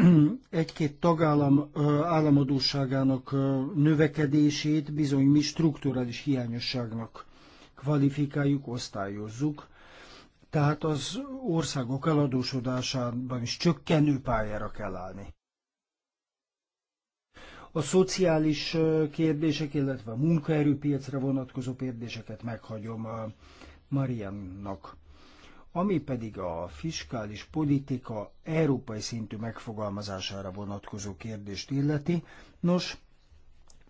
egy-két tagállam államadóságának növekedését bizony mi strukturális hiányosságnak kvalifikáljuk, osztályozzuk. Tehát az országok eladósodásában is csökkenő pályára kell állni a szociális kérdések, illetve a munkaerőpiacra vonatkozó kérdéseket meghagyom Mariannak. Ami pedig a fiskális politika európai szintű megfogalmazására vonatkozó kérdést illeti, nos,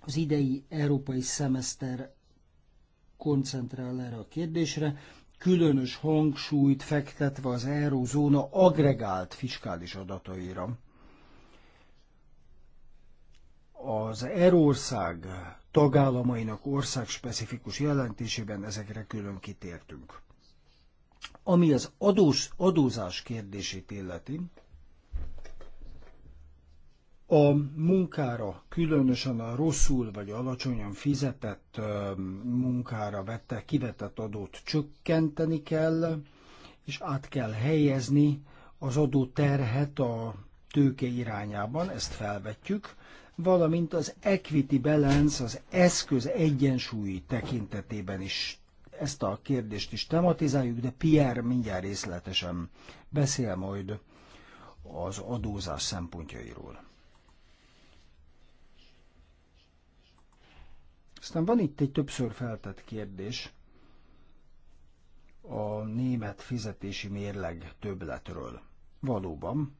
az idei európai szemeszter koncentrál erre a kérdésre, különös hangsúlyt fektetve az eurózóna agregált fiskális adataira az Erország tagállamainak országspecifikus jelentésében ezekre külön kitértünk. Ami az adós, adózás kérdését illeti, a munkára, különösen a rosszul vagy alacsonyan fizetett munkára vette, kivetett adót csökkenteni kell, és át kell helyezni az adóterhet a tőke irányában, ezt felvetjük, valamint az equity balance, az eszköz egyensúlyi tekintetében is ezt a kérdést is tematizáljuk, de Pierre mindjárt részletesen beszél majd az adózás szempontjairól. Aztán van itt egy többször feltett kérdés a német fizetési mérleg többletről. Valóban,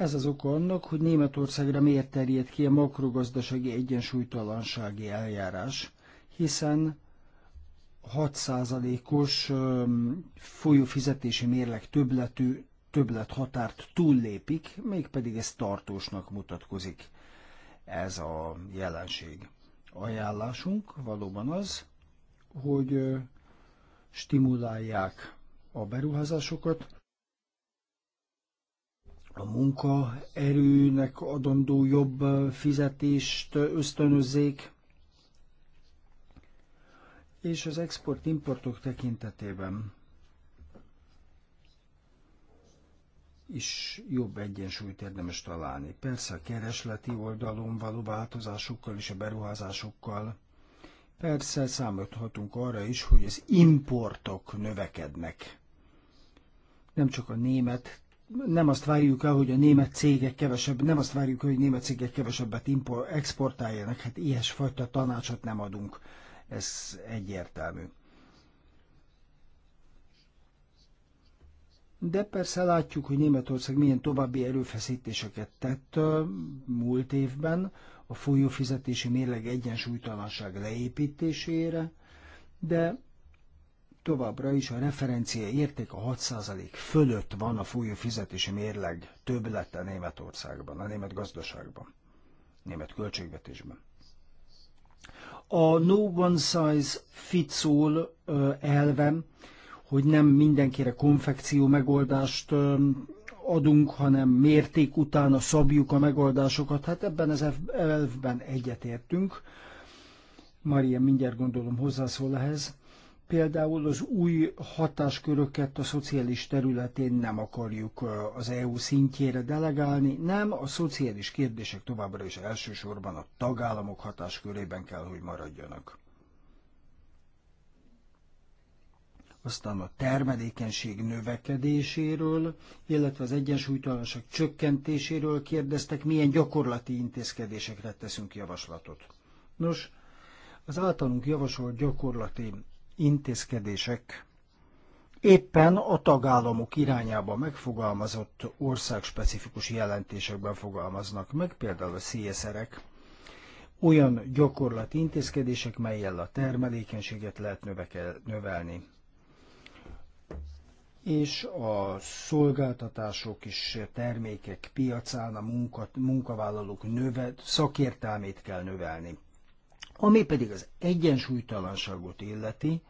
Ez az oka annak, hogy Németországra miért terjed ki a makrogazdasági egyensúlytalansági eljárás, hiszen 6%-os folyófizetési mérleg többletű többlet határt túllépik, mégpedig ez tartósnak mutatkozik ez a jelenség. Ajánlásunk valóban az, hogy stimulálják a beruházásokat, a munkaerőnek adandó jobb fizetést ösztönözzék, és az export-importok tekintetében is jobb egyensúlyt érdemes találni. Persze a keresleti oldalon való változásokkal és a beruházásokkal. Persze számíthatunk arra is, hogy az importok növekednek. Nem csak a német nem azt várjuk el, hogy a német cégek kevesebb, nem azt várjuk el, hogy német cégek kevesebbet import, exportáljanak, hát ilyesfajta tanácsot nem adunk. Ez egyértelmű. De persze látjuk, hogy Németország milyen további erőfeszítéseket tett múlt évben a folyófizetési mérleg egyensúlytalanság leépítésére, de továbbra is a referencia érték a 6% fölött van a folyó fizetési mérleg többlete Németországban, a német gazdaságban, német költségvetésben. A no one size fits all elvem, hogy nem mindenkire konfekció megoldást adunk, hanem mérték utána szabjuk a megoldásokat. Hát ebben az elvben egyetértünk. Maria mindjárt gondolom hozzászól ehhez például az új hatásköröket a szociális területén nem akarjuk az EU szintjére delegálni, nem, a szociális kérdések továbbra is elsősorban a tagállamok hatáskörében kell, hogy maradjanak. Aztán a termelékenység növekedéséről, illetve az egyensúlytalanság csökkentéséről kérdeztek, milyen gyakorlati intézkedésekre teszünk javaslatot. Nos, az általunk javasolt gyakorlati intézkedések éppen a tagállamok irányába megfogalmazott országspecifikus jelentésekben fogalmaznak meg, például a CSR-ek, olyan gyakorlati intézkedések, melyel a termelékenységet lehet növeke, növelni, és a szolgáltatások és termékek piacán a munka, munkavállalók növe, szakértelmét kell növelni. Ami pedig az egyensúlytalanságot illeti,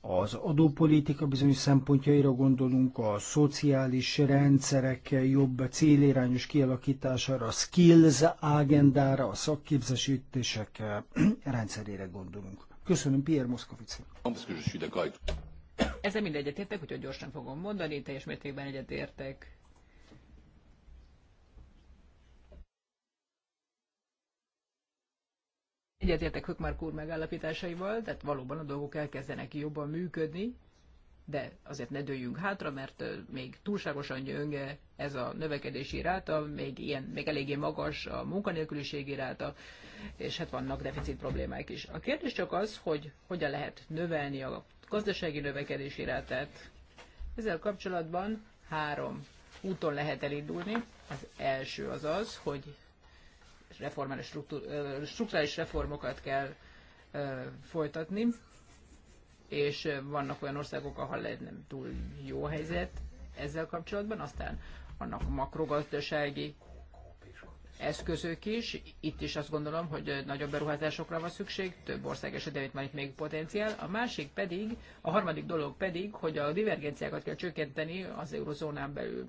az adópolitika bizonyos szempontjaira gondolunk, a szociális rendszerek jobb célirányos kialakítására, a skills agendára, a szakképzésítések rendszerére gondolunk. Köszönöm, Pierre Moszkovic. Ezzel mind egyetértek, úgyhogy gyorsan fogom mondani, teljes mértékben egyetértek Egyetértek Hökmark úr megállapításaival, tehát valóban a dolgok elkezdenek jobban működni, de azért ne dőljünk hátra, mert még túlságosan gyönge ez a növekedési ráta, még, ilyen, még eléggé magas a munkanélküliségi ráta, és hát vannak deficit problémák is. A kérdés csak az, hogy hogyan lehet növelni a gazdasági növekedési rátát. Ezzel kapcsolatban három úton lehet elindulni. Az első az az, hogy reformális struktúr, strukturális reformokat kell folytatni, és vannak olyan országok, ahol nem túl jó helyzet ezzel kapcsolatban, aztán vannak a makrogazdasági eszközök is. Itt is azt gondolom, hogy nagyobb beruházásokra van szükség, több ország itt van itt még potenciál. A másik pedig, a harmadik dolog pedig, hogy a divergenciákat kell csökkenteni az eurozónán belül.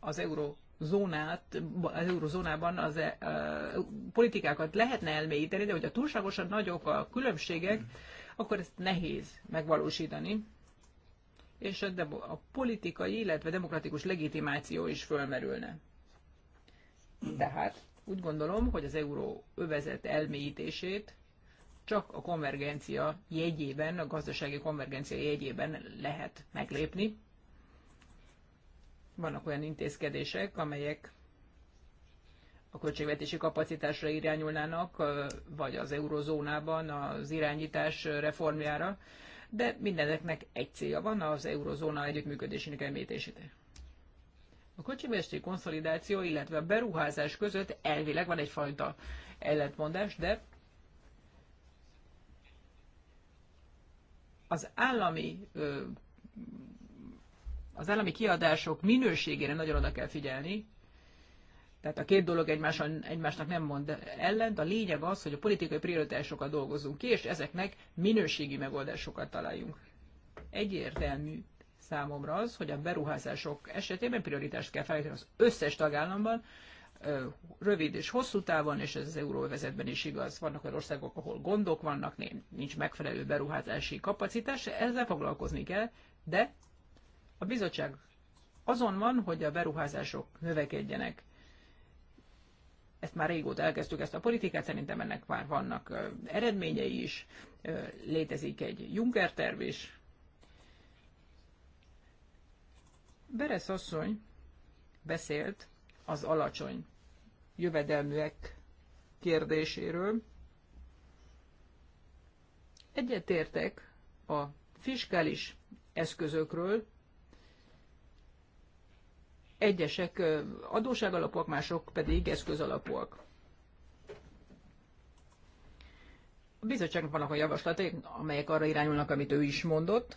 az euró zónát, az eurozónában az e, e, politikákat lehetne elmélyíteni, de hogyha túlságosan nagyok a különbségek, akkor ezt nehéz megvalósítani. És a, a politikai, illetve demokratikus legitimáció is fölmerülne. Tehát úgy gondolom, hogy az euró övezet elmélyítését csak a konvergencia jegyében, a gazdasági konvergencia jegyében lehet meglépni. Vannak olyan intézkedések, amelyek a költségvetési kapacitásra irányulnának, vagy az eurozónában az irányítás reformjára, de mindeneknek egy célja van, az eurozóna együttműködésének említését. A költségvetési konszolidáció, illetve a beruházás között elvileg van egyfajta ellentmondás, de az állami az állami kiadások minőségére nagyon oda kell figyelni, tehát a két dolog egymáson, egymásnak nem mond ellent, a lényeg az, hogy a politikai prioritásokat dolgozunk ki, és ezeknek minőségi megoldásokat találjunk. Egyértelmű számomra az, hogy a beruházások esetében prioritást kell felállítani az összes tagállamban, rövid és hosszú távon, és ez az euróvezetben is igaz. Vannak olyan országok, ahol gondok vannak, nincs megfelelő beruházási kapacitás, ezzel foglalkozni kell, de a bizottság azon van, hogy a beruházások növekedjenek. Ezt már régóta elkezdtük, ezt a politikát, szerintem ennek már vannak eredményei is. Létezik egy Juncker terv is. Beresz asszony beszélt az alacsony jövedelműek kérdéséről. Egyetértek a fiskális eszközökről, egyesek adóságalapok, mások pedig eszközalapok. A bizottságnak vannak a javaslatai, amelyek arra irányulnak, amit ő is mondott.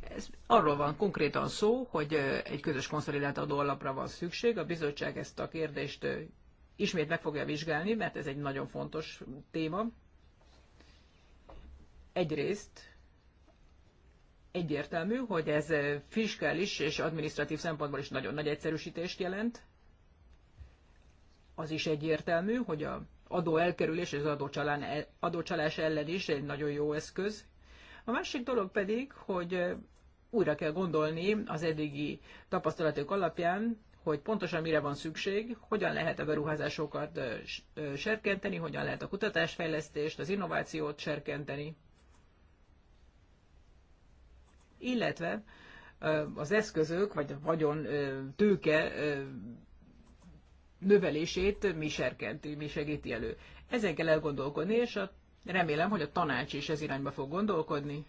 Ez arról van konkrétan szó, hogy egy közös konszolidált adóalapra van szükség. A bizottság ezt a kérdést ismét meg fogja vizsgálni, mert ez egy nagyon fontos téma. Egyrészt egyértelmű, hogy ez fiskális és adminisztratív szempontból is nagyon nagy egyszerűsítést jelent. Az is egyértelmű, hogy a adó elkerülés és az e- adócsalás ellen is egy nagyon jó eszköz. A másik dolog pedig, hogy újra kell gondolni az eddigi tapasztalatok alapján, hogy pontosan mire van szükség, hogyan lehet a beruházásokat serkenteni, hogyan lehet a kutatásfejlesztést, az innovációt serkenteni illetve az eszközök, vagy a vagyon tőke növelését mi, serkenti, mi segíti elő. Ezen kell elgondolkodni, és a, remélem, hogy a tanács is ez irányba fog gondolkodni.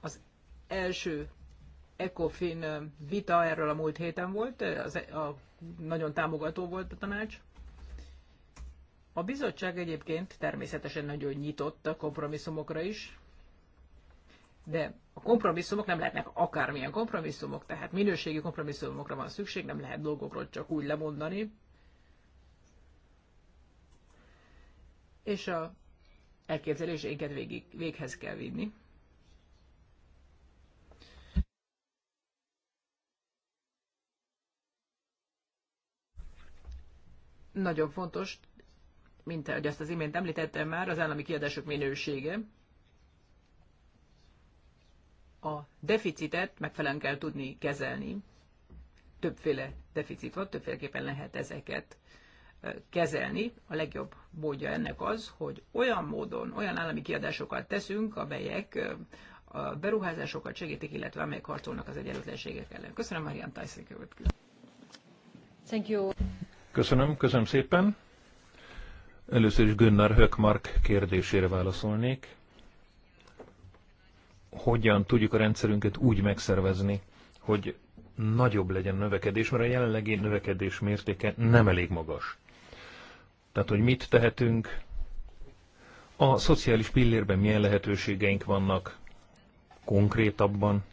Az első ECOFIN vita erről a múlt héten volt, az, e, a, nagyon támogató volt a tanács. A bizottság egyébként természetesen nagyon nyitott a kompromisszumokra is, de a kompromisszumok nem lehetnek akármilyen kompromisszumok, tehát minőségi kompromisszumokra van szükség, nem lehet dolgokról csak úgy lemondani. És a elképzeléseinket végig, véghez kell vinni. Nagyon fontos, mint ahogy azt az imént említettem már, az állami kiadások minősége, a deficitet megfelelően kell tudni kezelni. Többféle deficit van, többféleképpen lehet ezeket kezelni. A legjobb módja ennek az, hogy olyan módon, olyan állami kiadásokat teszünk, amelyek a beruházásokat segítik, illetve amelyek harcolnak az egyenlőtlenségek ellen. Köszönöm, Marian Tyson következő. Thank you. Köszönöm, köszönöm szépen. Először is Gunnar Höckmark kérdésére válaszolnék hogyan tudjuk a rendszerünket úgy megszervezni, hogy nagyobb legyen növekedés, mert a jelenlegi növekedés mértéke nem elég magas. Tehát, hogy mit tehetünk, a szociális pillérben milyen lehetőségeink vannak konkrétabban.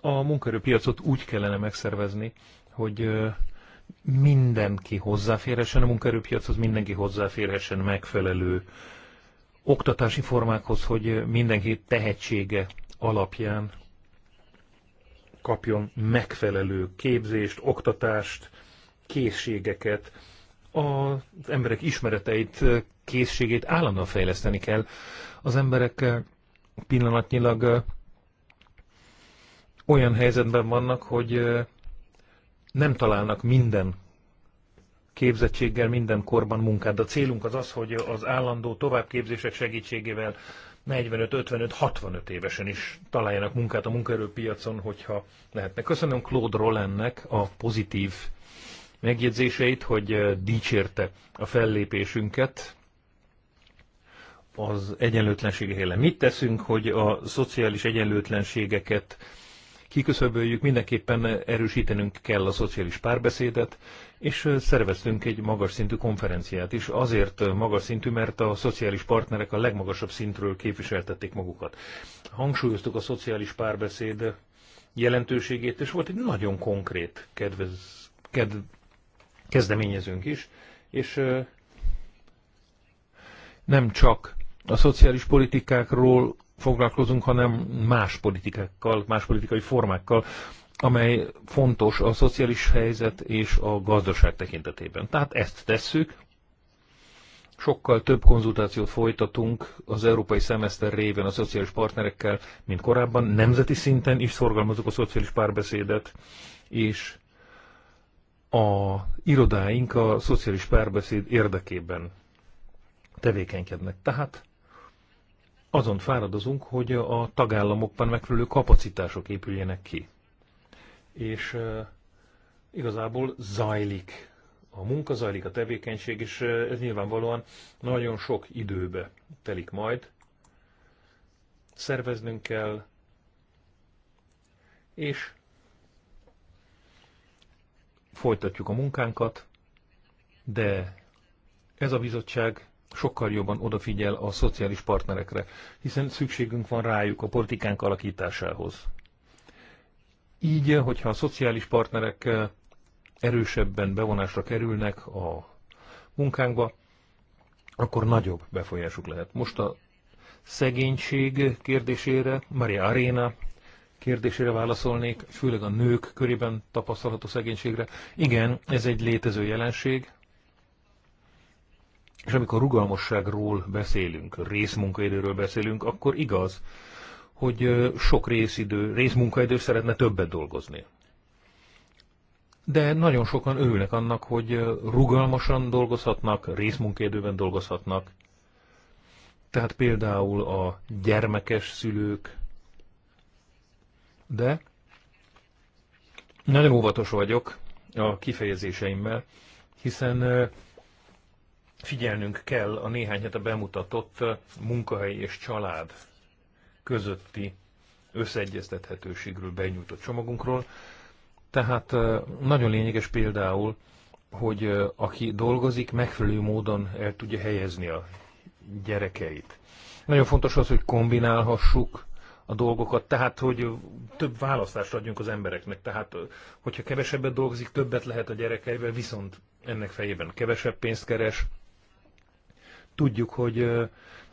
A munkaerőpiacot úgy kellene megszervezni, hogy mindenki hozzáférhessen a munkaerőpiachoz, mindenki hozzáférhessen megfelelő oktatási formákhoz, hogy mindenki tehetsége alapján kapjon megfelelő képzést, oktatást, készségeket, az emberek ismereteit, készségét állandóan fejleszteni kell. Az emberek pillanatnyilag olyan helyzetben vannak, hogy nem találnak minden képzettséggel minden korban munkát. De a célunk az az, hogy az állandó továbbképzések segítségével 45, 55, 65 évesen is találjanak munkát a munkaerőpiacon, hogyha lehetne. Köszönöm Claude Rolandnek a pozitív megjegyzéseit, hogy dicsérte a fellépésünket az egyenlőtlenségek ellen. Mit teszünk, hogy a szociális egyenlőtlenségeket kiköszöböljük? mindenképpen erősítenünk kell a szociális párbeszédet, és szerveztünk egy magas szintű konferenciát is, azért magas szintű, mert a szociális partnerek a legmagasabb szintről képviseltették magukat. Hangsúlyoztuk a szociális párbeszéd jelentőségét, és volt egy nagyon konkrét kedvez, ked, kezdeményezünk is, és nem csak a szociális politikákról foglalkozunk, hanem más politikákkal, más politikai formákkal, amely fontos a szociális helyzet és a gazdaság tekintetében. Tehát ezt tesszük, sokkal több konzultációt folytatunk az európai szemeszter révén a szociális partnerekkel, mint korábban. Nemzeti szinten is szorgalmazunk a szociális párbeszédet, és a irodáink a szociális párbeszéd érdekében tevékenykednek. Tehát azon fáradozunk, hogy a tagállamokban megfelelő kapacitások épüljenek ki és igazából zajlik a munka, zajlik a tevékenység, és ez nyilvánvalóan nagyon sok időbe telik majd. Szerveznünk kell, és folytatjuk a munkánkat, de ez a bizottság sokkal jobban odafigyel a szociális partnerekre, hiszen szükségünk van rájuk a politikánk alakításához. Így, hogyha a szociális partnerek eh, erősebben bevonásra kerülnek a munkánkba, akkor nagyobb befolyásuk lehet. Most a szegénység kérdésére, Maria Arena kérdésére válaszolnék, főleg a nők körében tapasztalható szegénységre. Igen, ez egy létező jelenség, és amikor rugalmasságról beszélünk, részmunkaidőről beszélünk, akkor igaz, hogy sok részidő, részmunkaidő szeretne többet dolgozni. De nagyon sokan örülnek annak, hogy rugalmasan dolgozhatnak, részmunkaidőben dolgozhatnak. Tehát például a gyermekes szülők. De nagyon óvatos vagyok a kifejezéseimmel, hiszen figyelnünk kell a néhány hete bemutatott munkahely és család közötti összeegyeztethetőségről benyújtott csomagunkról. Tehát nagyon lényeges például, hogy aki dolgozik, megfelelő módon el tudja helyezni a gyerekeit. Nagyon fontos az, hogy kombinálhassuk a dolgokat, tehát hogy több választást adjunk az embereknek. Tehát, hogyha kevesebbet dolgozik, többet lehet a gyerekeivel, viszont ennek fejében kevesebb pénzt keres. Tudjuk, hogy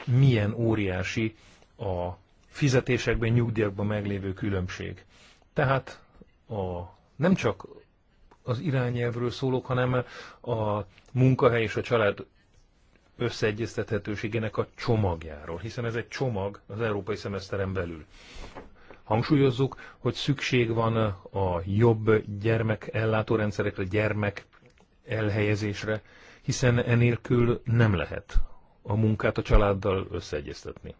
milyen óriási a fizetésekben, nyugdíjakban meglévő különbség. Tehát a, nem csak az irányelvről szólok, hanem a munkahely és a család összeegyeztethetőségének a csomagjáról, hiszen ez egy csomag az európai szemeszteren belül. Hangsúlyozzuk, hogy szükség van a jobb gyermek ellátórendszerekre, gyermek elhelyezésre, hiszen enélkül nem lehet a munkát a családdal összeegyeztetni.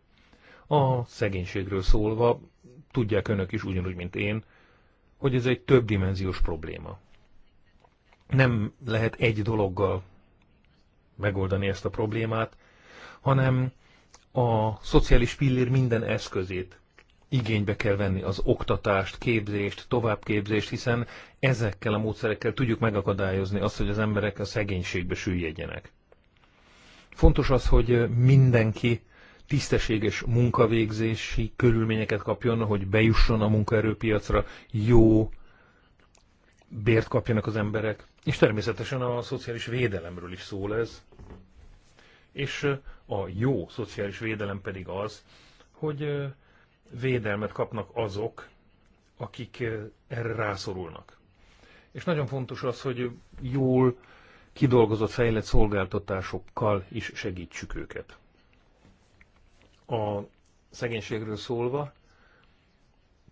A szegénységről szólva, tudják önök is ugyanúgy, mint én, hogy ez egy többdimenziós probléma. Nem lehet egy dologgal megoldani ezt a problémát, hanem a szociális pillér minden eszközét igénybe kell venni az oktatást, képzést, továbbképzést, hiszen ezekkel a módszerekkel tudjuk megakadályozni azt, hogy az emberek a szegénységbe süllyedjenek. Fontos az, hogy mindenki tisztességes munkavégzési körülményeket kapjon, hogy bejusson a munkaerőpiacra, jó bért kapjanak az emberek. És természetesen a szociális védelemről is szól ez. És a jó szociális védelem pedig az, hogy védelmet kapnak azok, akik erre rászorulnak. És nagyon fontos az, hogy jól kidolgozott fejlett szolgáltatásokkal is segítsük őket a szegénységről szólva,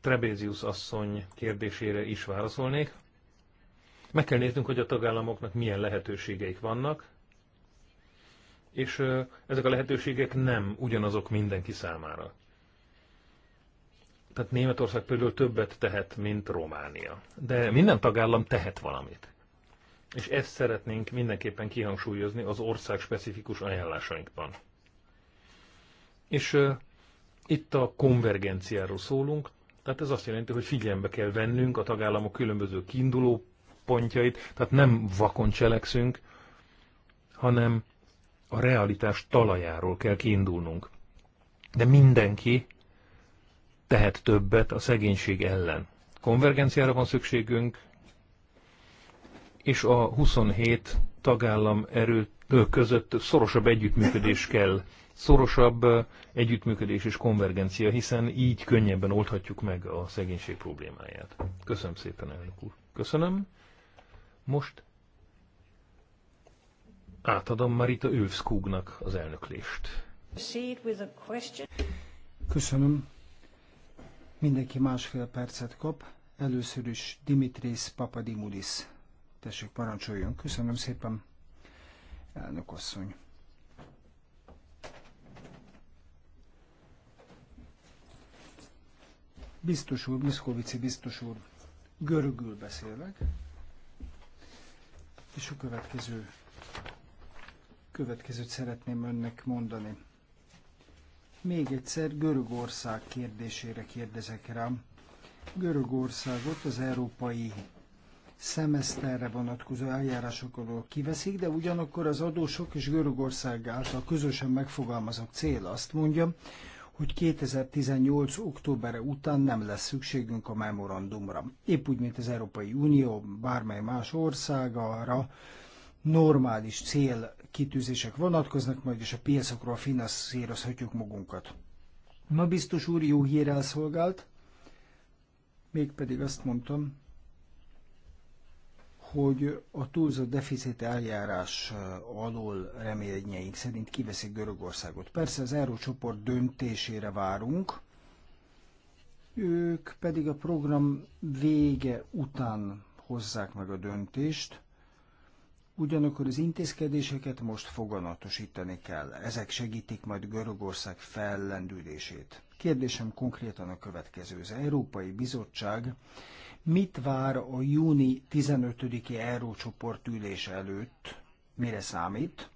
Trebézius asszony kérdésére is válaszolnék. Meg kell néznünk, hogy a tagállamoknak milyen lehetőségeik vannak, és ezek a lehetőségek nem ugyanazok mindenki számára. Tehát Németország például többet tehet, mint Románia. De minden tagállam tehet valamit. És ezt szeretnénk mindenképpen kihangsúlyozni az ország specifikus ajánlásainkban. És uh, itt a konvergenciáról szólunk, tehát ez azt jelenti, hogy figyelembe kell vennünk a tagállamok különböző kiinduló pontjait, tehát nem vakon cselekszünk, hanem a realitás talajáról kell kiindulnunk. De mindenki tehet többet a szegénység ellen. Konvergenciára van szükségünk, és a 27 tagállam erő között szorosabb együttműködés kell szorosabb együttműködés és konvergencia, hiszen így könnyebben oldhatjuk meg a szegénység problémáját. Köszönöm szépen, elnök úr. Köszönöm. Most átadom Marita Övszkúgnak az elnöklést. Köszönöm. Mindenki másfél percet kap. Először is Dimitris Papadimulis. Tessék, parancsoljon. Köszönöm szépen, elnök asszony. Biztos úr, Miszkovici biztos úr, görögül beszélek, és a következő, következőt szeretném önnek mondani. Még egyszer Görögország kérdésére kérdezek rám. Görögországot az európai szemeszterre vonatkozó eljárások alól kiveszik, de ugyanakkor az adósok és Görögország által közösen megfogalmazott cél azt mondja, hogy 2018. októberre után nem lesz szükségünk a memorandumra. Épp úgy, mint az Európai Unió, bármely más országára normális cél kitűzések vonatkoznak, majd és a piacokról finanszírozhatjuk magunkat. Ma biztos úr jó hírrel szolgált, mégpedig azt mondtam, hogy a túlzott deficit eljárás alól reményeink szerint kiveszik Görögországot. Persze az Eurócsoport döntésére várunk, ők pedig a program vége után hozzák meg a döntést, ugyanakkor az intézkedéseket most foganatosítani kell. Ezek segítik majd Görögország fellendülését. Kérdésem konkrétan a következő. Az Európai Bizottság mit vár a júni 15-i Eurócsoport ülés előtt, mire számít,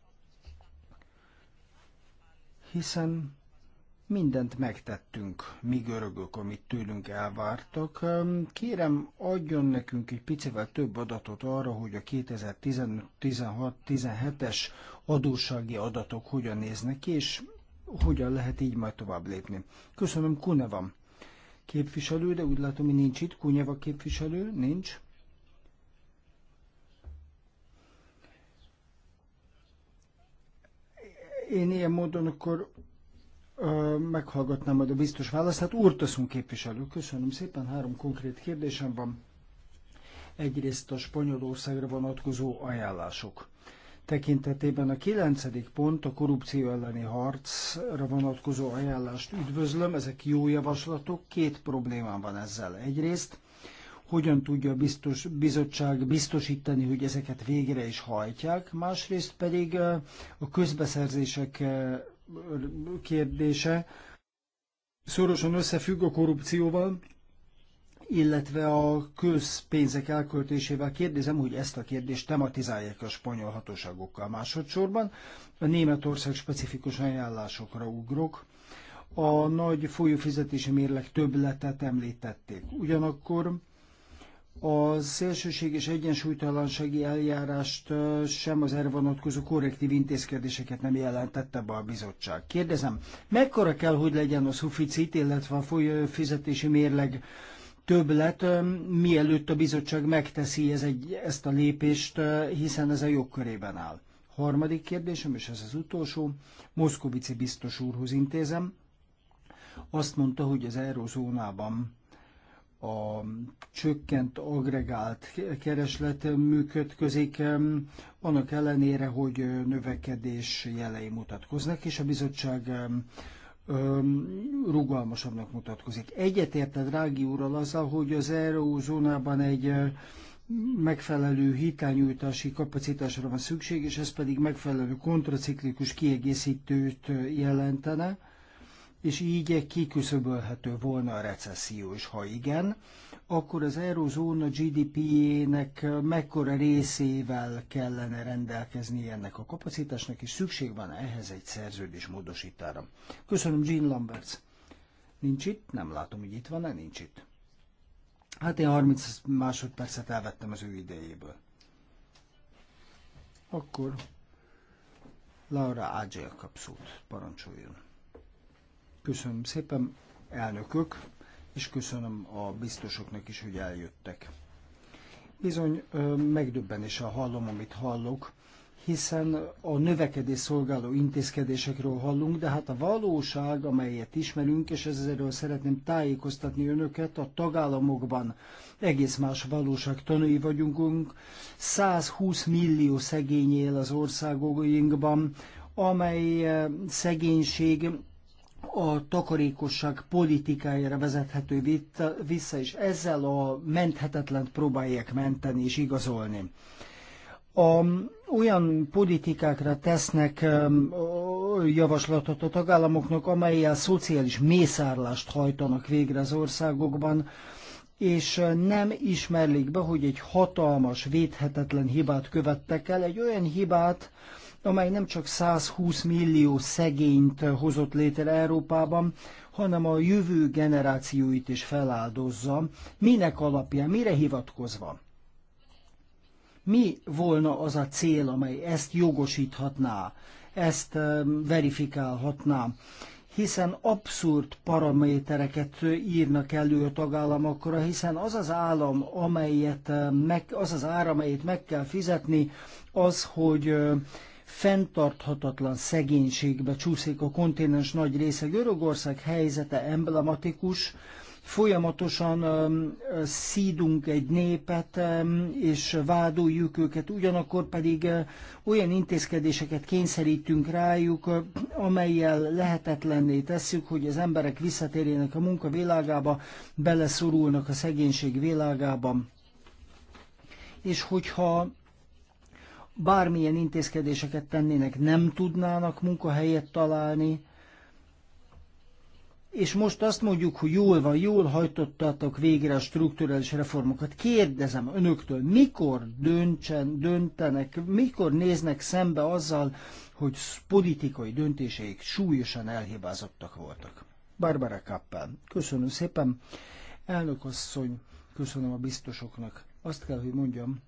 hiszen mindent megtettünk, mi görögök, amit tőlünk elvártak. Kérem, adjon nekünk egy picivel több adatot arra, hogy a 2016-17-es adóssági adatok hogyan néznek ki, és hogyan lehet így majd tovább lépni. Köszönöm, van képviselő, de úgy látom, hogy nincs itt. Kunyeva képviselő, nincs. Én ilyen módon akkor ö, meghallgatnám majd a biztos választ. Hát úrtaszunk képviselő, köszönöm szépen, három konkrét kérdésem van. Egyrészt a Spanyolországra vonatkozó ajánlások tekintetében a kilencedik pont a korrupció elleni harcra vonatkozó ajánlást üdvözlöm, ezek jó javaslatok, két problémám van ezzel. Egyrészt, hogyan tudja a biztos, bizottság biztosítani, hogy ezeket végre is hajtják, másrészt pedig eh, a közbeszerzések eh, kérdése szorosan összefügg a korrupcióval, illetve a közpénzek elköltésével kérdezem, hogy ezt a kérdést tematizálják a spanyol hatóságokkal másodszorban. A Németország specifikus ajánlásokra ugrok. A nagy folyófizetési mérleg többletet említették. Ugyanakkor a szélsőség és egyensúlytalansági eljárást sem az erre vonatkozó korrektív intézkedéseket nem jelentette be a bizottság. Kérdezem, mekkora kell, hogy legyen a szuficit, illetve a folyófizetési mérleg többlet, mielőtt a bizottság megteszi ez egy, ezt a lépést, hiszen ez a jogkörében áll. Harmadik kérdésem, és ez az utolsó, Moszkovici biztos úrhoz intézem. Azt mondta, hogy az eurozónában a csökkent agregált kereslet működközik, annak ellenére, hogy növekedés jelei mutatkoznak, és a bizottság rugalmasabbnak mutatkozik. Egyetérted Drági úrral azzal, hogy az eurózónában egy megfelelő hitelnyújtási kapacitásra van szükség, és ez pedig megfelelő kontraciklikus kiegészítőt jelentene és így kiküszöbölhető volna a recesszió, és ha igen, akkor az eurozóna GDP-jének mekkora részével kellene rendelkezni ennek a kapacitásnak, és szükség van ehhez egy szerződés módosítára. Köszönöm, Jean Lamberts. Nincs itt? Nem látom, hogy itt van-e? Nincs itt. Hát én 30 másodpercet elvettem az ő idejéből. Akkor Laura Ágyel kapszót Parancsoljon. Köszönöm szépen, elnökök, és köszönöm a biztosoknak is, hogy eljöttek. Bizony megdöbbenéssel hallom, amit hallok, hiszen a növekedés szolgáló intézkedésekről hallunk, de hát a valóság, amelyet ismerünk, és ezzelről szeretném tájékoztatni önöket, a tagállamokban egész más valóság tanúi vagyunk. 120 millió szegény él az országokinkban, amely szegénység a takarékosság politikájára vezethető vissza, és ezzel a menthetetlen próbálják menteni és igazolni. A, olyan politikákra tesznek um, javaslatot a tagállamoknak, amelyel szociális mészárlást hajtanak végre az országokban, és nem ismerlik be, hogy egy hatalmas, védhetetlen hibát követtek el, egy olyan hibát, amely nem csak 120 millió szegényt hozott létre Európában, hanem a jövő generációit is feláldozza. Minek alapján, mire hivatkozva? Mi volna az a cél, amely ezt jogosíthatná, ezt verifikálhatná? hiszen abszurd paramétereket írnak elő a tagállamokra, hiszen az az állam, amelyet meg, az az ára, amelyet meg kell fizetni, az, hogy fenntarthatatlan szegénységbe csúszik a kontinens nagy része. Görögország helyzete emblematikus, folyamatosan um, szídunk egy népet, um, és vádoljuk őket, ugyanakkor pedig uh, olyan intézkedéseket kényszerítünk rájuk, uh, amelyel lehetetlenné tesszük, hogy az emberek visszatérjenek a munka világába, beleszorulnak a szegénység világába. És hogyha bármilyen intézkedéseket tennének, nem tudnának munkahelyet találni, és most azt mondjuk, hogy jól van, jól hajtottatok végre a strukturális reformokat. Kérdezem önöktől, mikor döntsen, döntenek, mikor néznek szembe azzal, hogy politikai döntéseik súlyosan elhibázottak voltak. Barbara Kappel, köszönöm szépen. Elnök asszony, köszönöm a biztosoknak. Azt kell, hogy mondjam,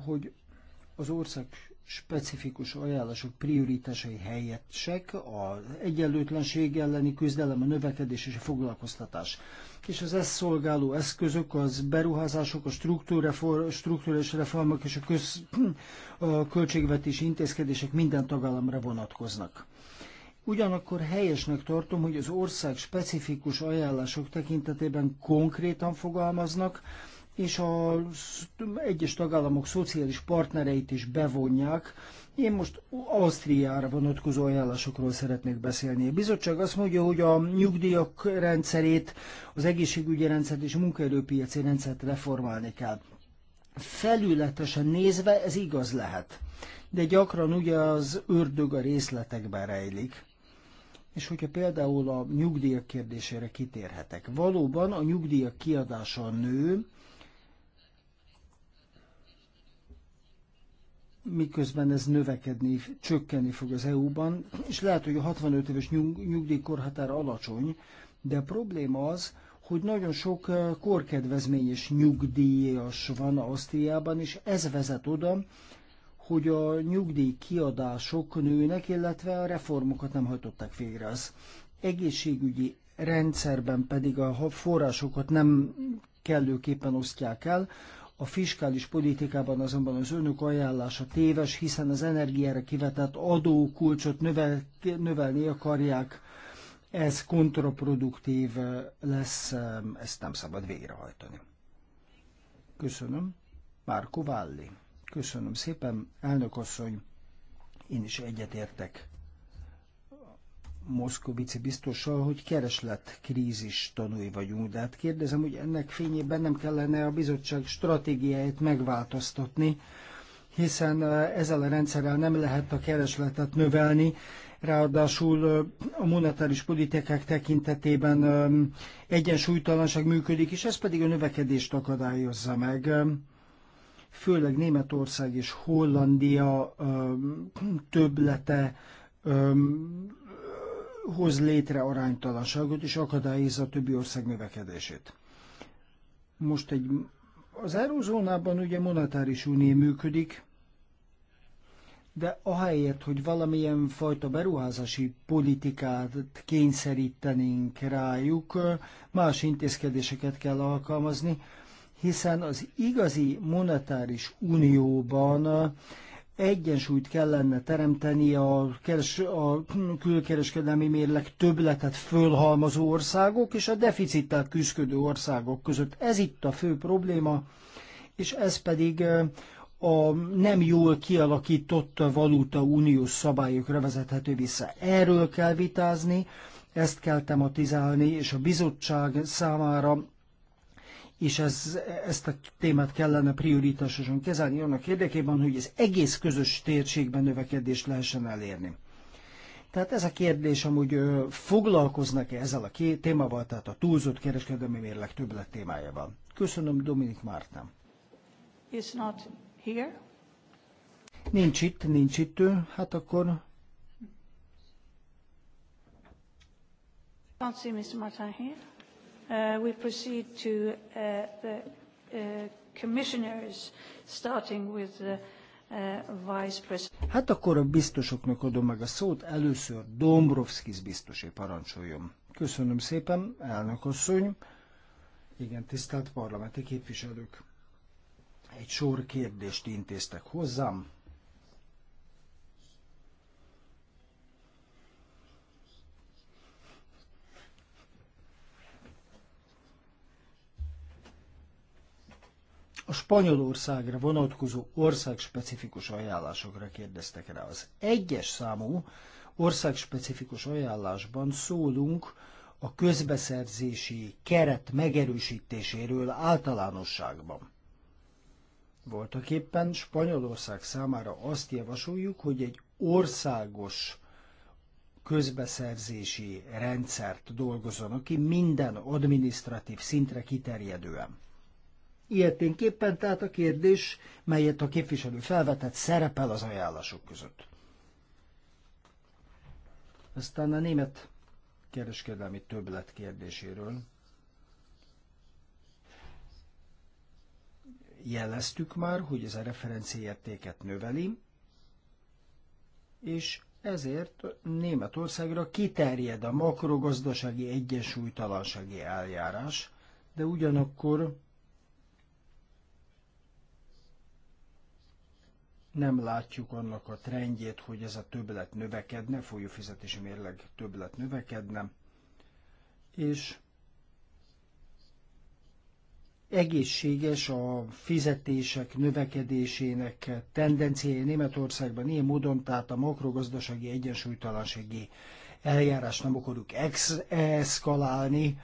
hogy az ország specifikus ajánlások prioritásai helyettesek, az egyenlőtlenség elleni küzdelem, a növekedés és a foglalkoztatás. És az ezt szolgáló eszközök, az beruházások, a struktúrás reformok és a, köz, a költségvetési intézkedések minden tagállamra vonatkoznak. Ugyanakkor helyesnek tartom, hogy az ország specifikus ajánlások tekintetében konkrétan fogalmaznak, és az egyes tagállamok szociális partnereit is bevonják. Én most Ausztriára vonatkozó ajánlásokról szeretnék beszélni. A bizottság azt mondja, hogy a nyugdíjak rendszerét, az egészségügyi rendszert és a munkaerőpiaci rendszert reformálni kell. Felületesen nézve ez igaz lehet, de gyakran ugye az ördög a részletekben rejlik. És hogyha például a nyugdíjak kérdésére kitérhetek, valóban a nyugdíjak kiadása nő, miközben ez növekedni, csökkenni fog az EU-ban, és lehet, hogy a 65 éves nyug, nyugdíjkorhatár alacsony, de a probléma az, hogy nagyon sok korkedvezményes nyugdíjas van Ausztriában, és ez vezet oda, hogy a nyugdíj kiadások nőnek, illetve a reformokat nem hajtották végre. Az egészségügyi rendszerben pedig a forrásokat nem kellőképpen osztják el, a fiskális politikában azonban az önök ajánlása téves, hiszen az energiára kivetett adókulcsot növel, növelni akarják. Ez kontraproduktív eh, lesz, ezt nem szabad végrehajtani. Köszönöm. Márko Válli. Köszönöm szépen, elnök asszony. Én is egyetértek Moszkovici biztossal, hogy kereslet krízis tanúi vagyunk, de hát kérdezem, hogy ennek fényében nem kellene a bizottság stratégiáját megváltoztatni, hiszen ezzel a rendszerrel nem lehet a keresletet növelni, ráadásul a monetáris politikák tekintetében egyensúlytalanság működik, és ez pedig a növekedést akadályozza meg főleg Németország és Hollandia többlete hoz létre aránytalanságot és akadályozza a többi ország növekedését. Most egy, az eurozónában ugye monetáris unió működik, de ahelyett, hogy valamilyen fajta beruházási politikát kényszerítenénk rájuk, más intézkedéseket kell alkalmazni, hiszen az igazi monetáris unióban Egyensúlyt kellene teremteni a, keres, a külkereskedelmi mérleg többletet fölhalmazó országok és a deficittel küzdködő országok között. Ez itt a fő probléma, és ez pedig a nem jól kialakított valuta uniós szabályokra vezethető vissza. Erről kell vitázni, ezt kell tematizálni, és a bizottság számára és ez, ezt a témát kellene prioritásosan kezelni annak érdekében, hogy az egész közös térségben növekedést lehessen elérni. Tehát ez a kérdés, amúgy foglalkoznak-e ezzel a két témával, tehát a túlzott kereskedelmi mérleg többlet témájával. Köszönöm, Dominik Márten. Is not here. Nincs itt, nincs itt ő, hát akkor... Don't see Mr. Martin here. Uh, we proceed to uh, the uh, commissioners, starting with the uh, vice president. Hát akkor a biztosoknak adom meg a szót. Először Dombrovskis biztosé parancsoljon. Köszönöm szépen, elnök asszony. Igen, tisztelt parlamenti képviselők. Egy sor kérdést intéztek hozzám, a Spanyolországra vonatkozó országspecifikus ajánlásokra kérdeztek rá. Az egyes számú országspecifikus ajánlásban szólunk a közbeszerzési keret megerősítéséről általánosságban. Voltak éppen Spanyolország számára azt javasoljuk, hogy egy országos közbeszerzési rendszert dolgozzanak ki minden adminisztratív szintre kiterjedően. Ilyeténképpen tehát a kérdés, melyet a képviselő felvetett, szerepel az ajánlások között. Aztán a német kereskedelmi többlet kérdéséről. Jeleztük már, hogy ez a referenciértéket növeli, és ezért Németországra kiterjed a makrogazdasági egyensúlytalansági eljárás, de ugyanakkor nem látjuk annak a trendjét, hogy ez a többlet növekedne, folyófizetési mérleg többlet növekedne, és egészséges a fizetések növekedésének tendenciája Németországban ilyen módon, tehát a makrogazdasági egyensúlytalansági eljárás nem akarjuk eszkalálni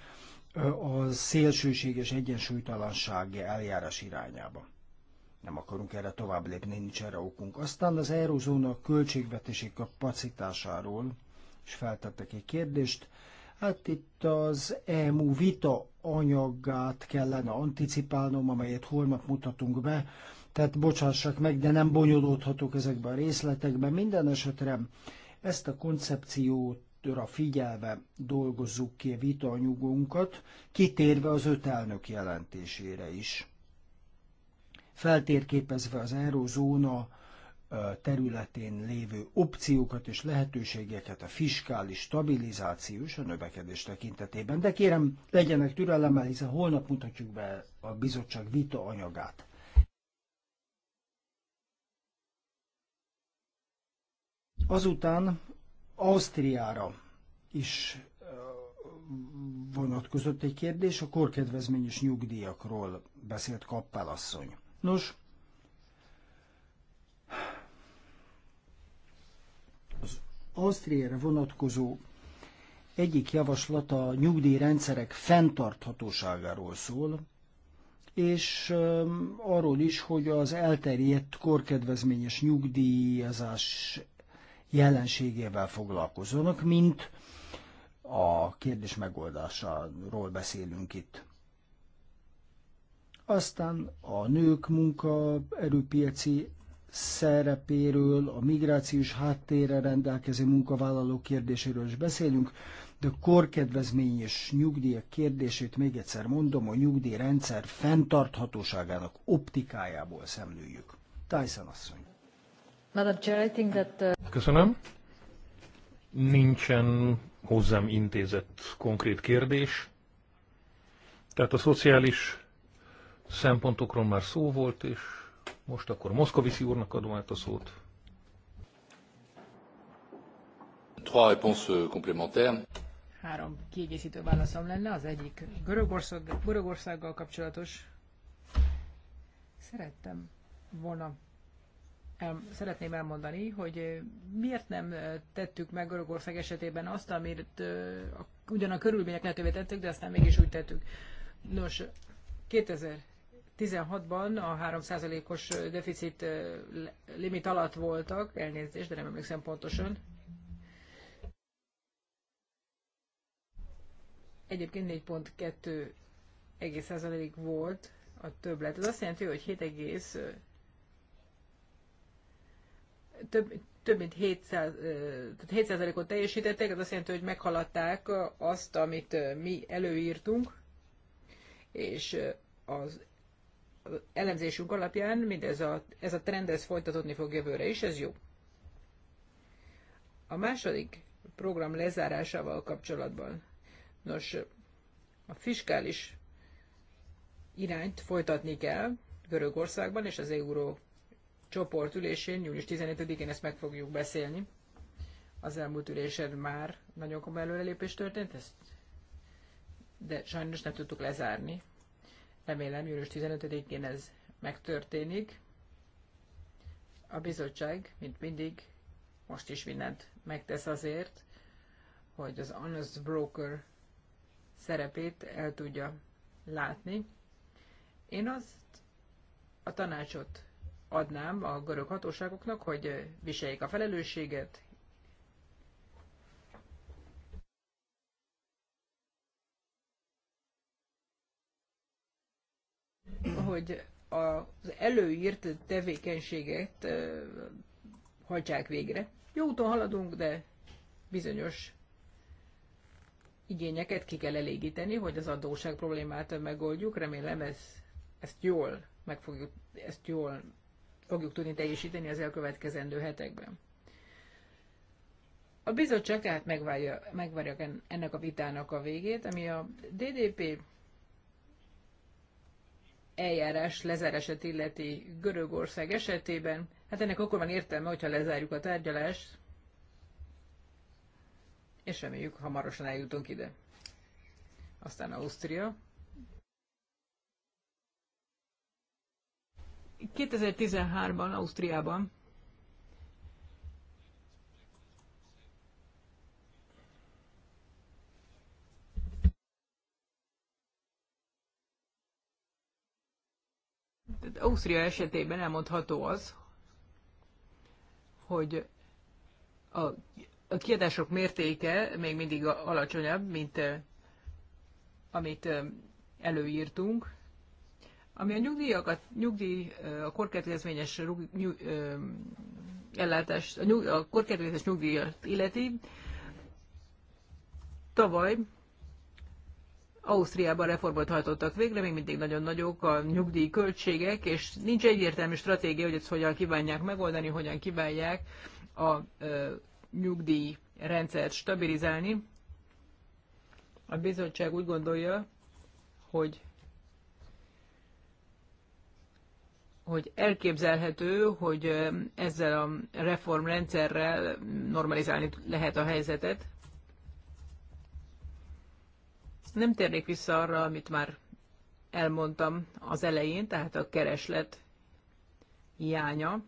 a szélsőséges egyensúlytalanság eljárás irányába nem akarunk erre tovább lépni, nincs erre okunk. Aztán az eurozóna költségvetési kapacitásáról is feltettek egy kérdést. Hát itt az EMU vita anyagát kellene anticipálnom, amelyet holnap mutatunk be, tehát bocsássak meg, de nem bonyolódhatok ezekben a részletekben. Minden esetre ezt a koncepciót a figyelve dolgozzuk ki a anyugunkat, kitérve az öt elnök jelentésére is feltérképezve az eurozóna területén lévő opciókat és lehetőségeket a fiskális stabilizációs a növekedés tekintetében. De kérem, legyenek türelemmel, hiszen holnap mutatjuk be a bizottság vita anyagát. Azután Ausztriára is vonatkozott egy kérdés, a korkedvezményes nyugdíjakról beszélt asszony. Nos, az Ausztriára vonatkozó egyik javaslata a nyugdíjrendszerek fenntarthatóságáról szól, és arról is, hogy az elterjedt korkedvezményes nyugdíjazás jelenségével foglalkozzanak, mint a kérdés megoldásáról beszélünk itt. Aztán a nők munka erőpiaci szerepéről, a migrációs háttérre rendelkező munkavállalók kérdéséről is beszélünk, de korkedvezmény és nyugdíjak kérdését még egyszer mondom, a nyugdíjrendszer fenntarthatóságának optikájából szemlőjük. Tyson asszony. Uh, Köszönöm. Nincsen hozzám intézett konkrét kérdés. Tehát a szociális szempontokról már szó volt, és most akkor Moszkoviszi úrnak adom át a szót. Három kiegészítő válaszom lenne, az egyik Görögország, Görögországgal kapcsolatos. Szerettem volna, el, szeretném elmondani, hogy miért nem tettük meg Görögország esetében azt, amit ugyan a körülmények lehetővé tettük, de aztán mégis úgy tettük. Nos, 2000 16-ban a 3%-os deficit limit alatt voltak, elnézést, de nem emlékszem pontosan. Egyébként 4.2% volt a többlet. Ez azt jelenti, hogy 7, egész, több, több mint 700, 7%-ot teljesítettek, ez azt jelenti, hogy meghaladták azt, amit mi előírtunk, és az elemzésünk alapján mindez a, ez a trend ez folytatódni fog jövőre is, ez jó. A második program lezárásával kapcsolatban. Nos, a fiskális irányt folytatni kell Görögországban, és az euró csoport ülésén, július 15-én ezt meg fogjuk beszélni. Az elmúlt ülésen már nagyon komoly előrelépés történt, ezt de sajnos nem tudtuk lezárni Remélem június 15-én ez megtörténik. A bizottság, mint mindig, most is mindent megtesz azért, hogy az honest broker szerepét el tudja látni. Én azt a tanácsot adnám a görög hatóságoknak, hogy viseljék a felelősséget, hogy az előírt tevékenységet hagyják végre. Jó úton haladunk, de bizonyos igényeket ki kell elégíteni, hogy az adóság problémát megoldjuk. Remélem ez, ezt jól meg fogjuk, ezt jól fogjuk tudni teljesíteni az elkövetkezendő hetekben. A bizottság tehát megvárja, megvárja ennek a vitának a végét, ami a DDP eljárás lezárását illeti Görögország esetében, hát ennek akkor van értelme, hogyha lezárjuk a tárgyalást, és reméljük, hamarosan eljutunk ide. Aztán Ausztria. 2013-ban Ausztriában Ausztria esetében elmondható az, hogy a, a kiadások mértéke még mindig alacsonyabb, mint amit előírtunk, ami a nyugdíjakat, nyugdíj, a korkedvezményes nyug, ellátást, a, nyug, a korkedvezményes nyugdíjat illeti, tavaly Ausztriában reformot hajtottak végre, még mindig nagyon nagyok a nyugdíj költségek, és nincs egyértelmű stratégia, hogy ezt hogyan kívánják megoldani, hogyan kívánják a ö, nyugdíj rendszert stabilizálni. A bizottság úgy gondolja, hogy hogy elképzelhető, hogy ezzel a reformrendszerrel normalizálni lehet a helyzetet, nem térnék vissza arra, amit már elmondtam az elején, tehát a kereslet hiánya,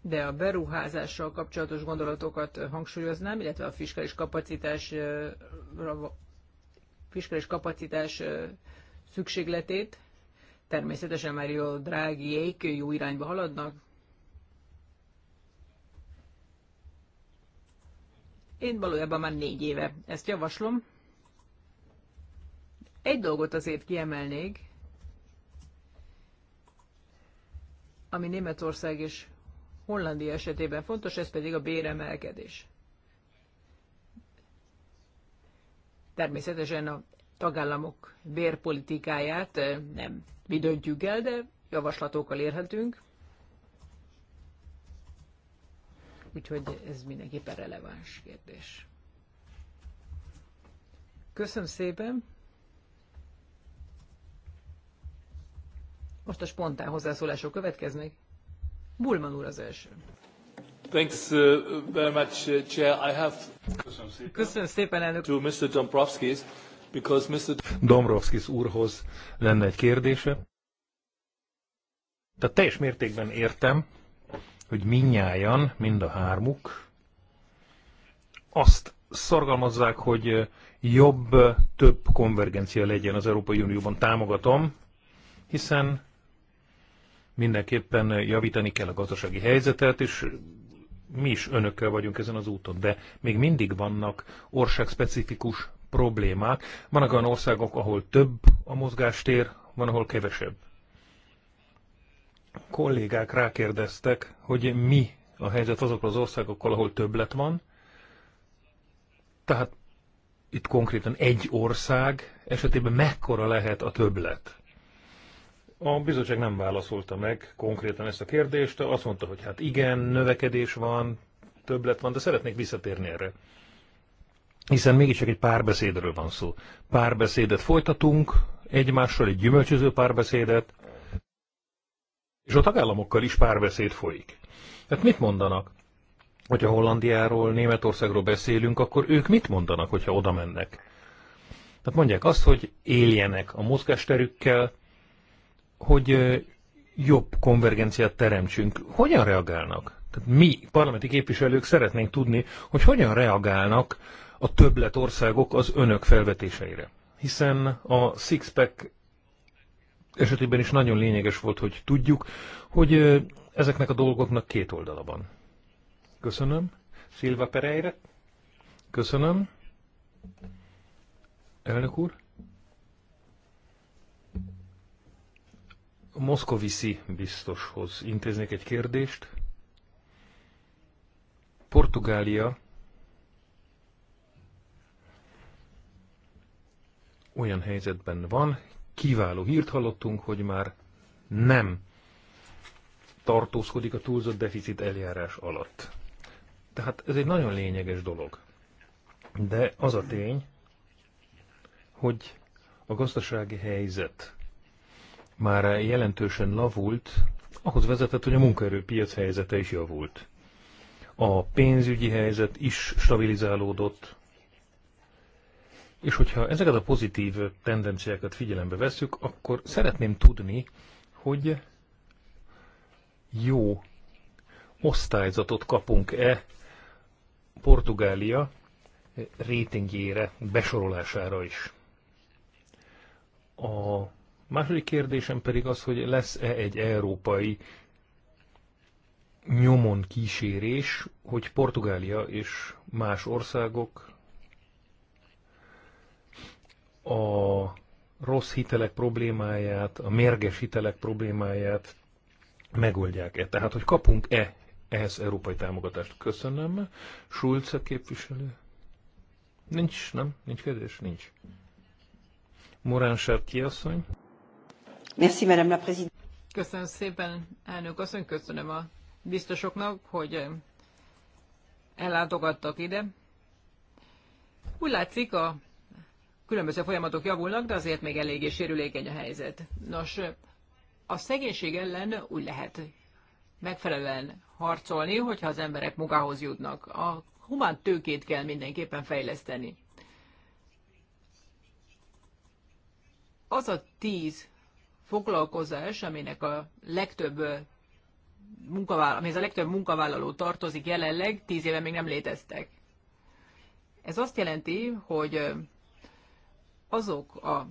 de a beruházással kapcsolatos gondolatokat hangsúlyoznám, illetve a fiskális kapacitás, fiskális kapacitás szükségletét. Természetesen már jó drágiék jó irányba haladnak, Én valójában már négy éve ezt javaslom. Egy dolgot azért kiemelnék, ami Németország és Hollandia esetében fontos, ez pedig a béremelkedés. Természetesen a tagállamok bérpolitikáját eh, nem mi döntjük el, de javaslatokkal érhetünk. úgyhogy ez mindenképpen releváns kérdés. Köszönöm szépen! Most a spontán hozzászólások következnek. Bulman úr az első. Thanks uh, very much, uh, Chair. I have... Köszönöm szépen, elnök. To Mr. Dombrovskis, because Mr. Dombrovskis úrhoz lenne egy kérdése. Tehát teljes mértékben értem, hogy minnyájan, mind a hármuk azt szorgalmazzák, hogy jobb, több konvergencia legyen az Európai Unióban. Támogatom, hiszen mindenképpen javítani kell a gazdasági helyzetet, és mi is önökkel vagyunk ezen az úton, de még mindig vannak országspecifikus problémák. Vannak olyan országok, ahol több a mozgástér, van, ahol kevesebb kollégák rákérdeztek, hogy mi a helyzet azokról az országokkal, ahol többlet van. Tehát itt konkrétan egy ország esetében mekkora lehet a többlet? A bizottság nem válaszolta meg konkrétan ezt a kérdést, azt mondta, hogy hát igen, növekedés van, többlet van, de szeretnék visszatérni erre. Hiszen mégiscsak egy párbeszédről van szó. Párbeszédet folytatunk, egymással egy gyümölcsöző párbeszédet, és a tagállamokkal is párbeszéd folyik. Hát mit mondanak? Hogyha Hollandiáról, Németországról beszélünk, akkor ők mit mondanak, hogyha oda mennek? Tehát mondják azt, hogy éljenek a mozgásterükkel, hogy jobb konvergenciát teremtsünk. Hogyan reagálnak? Tehát mi, parlamenti képviselők szeretnénk tudni, hogy hogyan reagálnak a többlet országok az önök felvetéseire. Hiszen a Sixpack esetében is nagyon lényeges volt, hogy tudjuk, hogy ezeknek a dolgoknak két oldala van. Köszönöm. Szilva Pereire. Köszönöm. Elnök úr. Moszkoviszi biztoshoz intéznék egy kérdést. Portugália olyan helyzetben van, kiváló hírt hallottunk, hogy már nem tartózkodik a túlzott deficit eljárás alatt. Tehát ez egy nagyon lényeges dolog. De az a tény, hogy a gazdasági helyzet már jelentősen lavult, ahhoz vezetett, hogy a munkaerőpiac helyzete is javult. A pénzügyi helyzet is stabilizálódott, és hogyha ezeket a pozitív tendenciákat figyelembe veszük, akkor szeretném tudni, hogy jó osztályzatot kapunk-e Portugália rétingjére, besorolására is. A második kérdésem pedig az, hogy lesz-e egy európai nyomon kísérés, hogy Portugália és más országok a rossz hitelek problémáját, a mérges hitelek problémáját megoldják-e? Tehát, hogy kapunk-e ehhez európai támogatást? Köszönöm. Schulz képviselő? Nincs, nem? Nincs kérdés? Nincs. Morán Sárki asszony? Merci, madame la présidente. Köszönöm szépen, elnök asszony, köszönöm a biztosoknak, hogy ellátogattak ide. Úgy látszik, a különböző folyamatok javulnak, de azért még eléggé sérülékeny a helyzet. Nos, a szegénység ellen úgy lehet megfelelően harcolni, hogyha az emberek munkához jutnak. A humán tőkét kell mindenképpen fejleszteni. Az a tíz foglalkozás, aminek a legtöbb eh, munkavállal, a legtöbb munkavállaló tartozik jelenleg, tíz éve még nem léteztek. Ez azt jelenti, hogy eh, azok a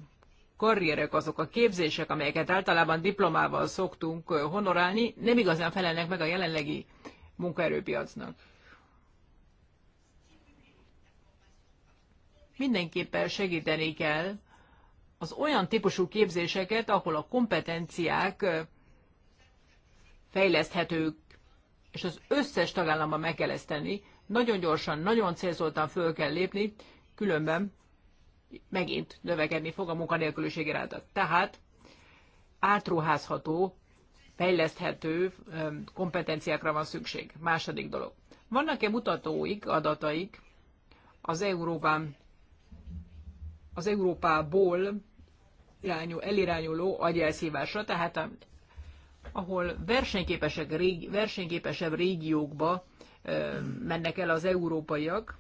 karrierek, azok a képzések, amelyeket általában diplomával szoktunk honorálni, nem igazán felelnek meg a jelenlegi munkaerőpiacnak. Mindenképpen segíteni kell az olyan típusú képzéseket, ahol a kompetenciák fejleszthetők, és az összes tagállamban meg kell ezt tenni. Nagyon gyorsan, nagyon célzoltan föl kell lépni, különben megint növekedni fog a munkanélküliség iránt. Tehát átruházható, fejleszthető kompetenciákra van szükség. Második dolog. Vannak-e mutatóik, adataik az Európán, az Európából irányul, elirányuló agyelszívásra, tehát a, ahol versenyképesek, régi, versenyképesebb régiókba ö, mennek el az európaiak,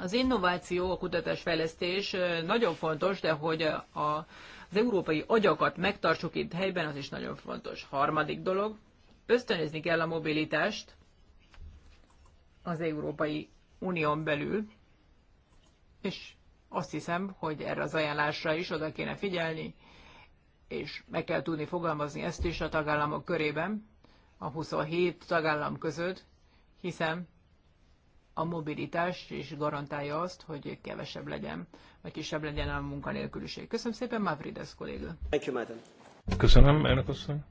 az innováció, a kutatásfejlesztés nagyon fontos, de hogy a, az európai agyakat megtartsuk itt helyben, az is nagyon fontos. Harmadik dolog, ösztönözni kell a mobilitást az Európai Unión belül, és azt hiszem, hogy erre az ajánlásra is oda kéne figyelni, és meg kell tudni fogalmazni ezt is a tagállamok körében, a 27 tagállam között, hiszen a mobilitást, és garantálja azt, hogy kevesebb legyen, vagy kisebb legyen a munkanélküliség. Köszönöm szépen, Mavrides kolléga. Thank you, madam. Köszönöm, elnök asszony.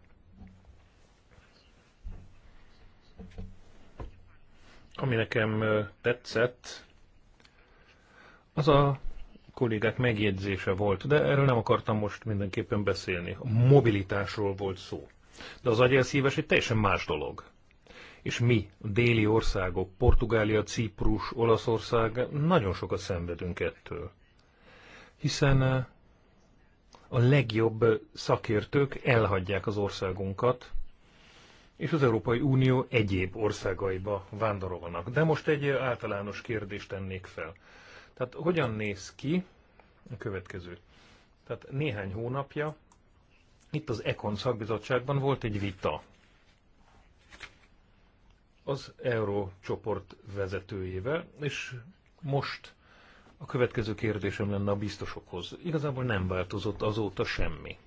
Ami nekem tetszett, az a kollégák megjegyzése volt, de erről nem akartam most mindenképpen beszélni. A mobilitásról volt szó. De az agyelszíves egy teljesen más dolog. És mi, a déli országok, Portugália, Ciprus, Olaszország, nagyon sokat szenvedünk ettől. Hiszen eh, a legjobb szakértők elhagyják az országunkat, és az Európai Unió egyéb országaiba vándorolnak. De most egy eh, általános kérdést tennék fel. Tehát hogyan néz ki a következő? Tehát néhány hónapja itt az Ekon szakbizottságban volt egy vita az euró csoport vezetőjével, és most a következő kérdésem lenne a biztosokhoz. Igazából nem változott azóta semmi.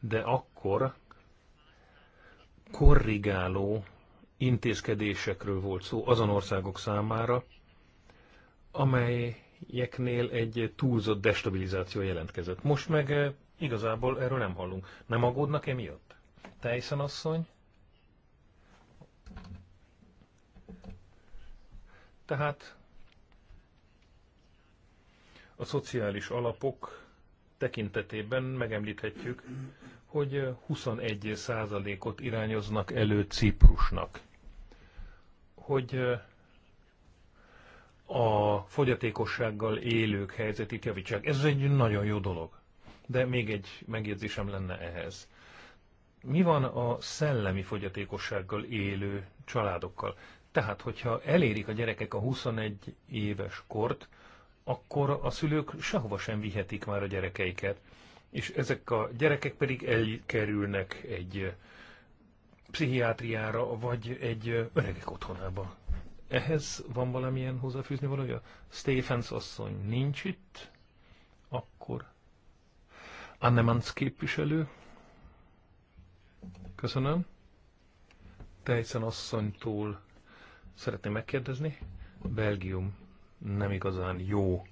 De akkor korrigáló intézkedésekről volt szó azon országok számára, amelyeknél egy túlzott destabilizáció jelentkezett. Most meg eh, igazából erről nem hallunk. Nem aggódnak emiatt? Tyson asszony? Tehát a szociális alapok tekintetében megemlíthetjük, hogy 21 százalékot irányoznak elő Ciprusnak. Hogy eh, a fogyatékossággal élők helyzetét javítsák. Ez egy nagyon jó dolog. De még egy megjegyzésem lenne ehhez. Mi van a szellemi fogyatékossággal élő családokkal? Tehát, hogyha elérik a gyerekek a 21 éves kort, akkor a szülők sehova sem vihetik már a gyerekeiket. És ezek a gyerekek pedig elkerülnek egy pszichiátriára, vagy egy öregek otthonába. Ehhez van valamilyen hozzáfűzni valója? Stephens asszony nincs itt, akkor Annemans képviselő. Köszönöm. Tejszen asszonytól szeretném megkérdezni. Belgium nem igazán jó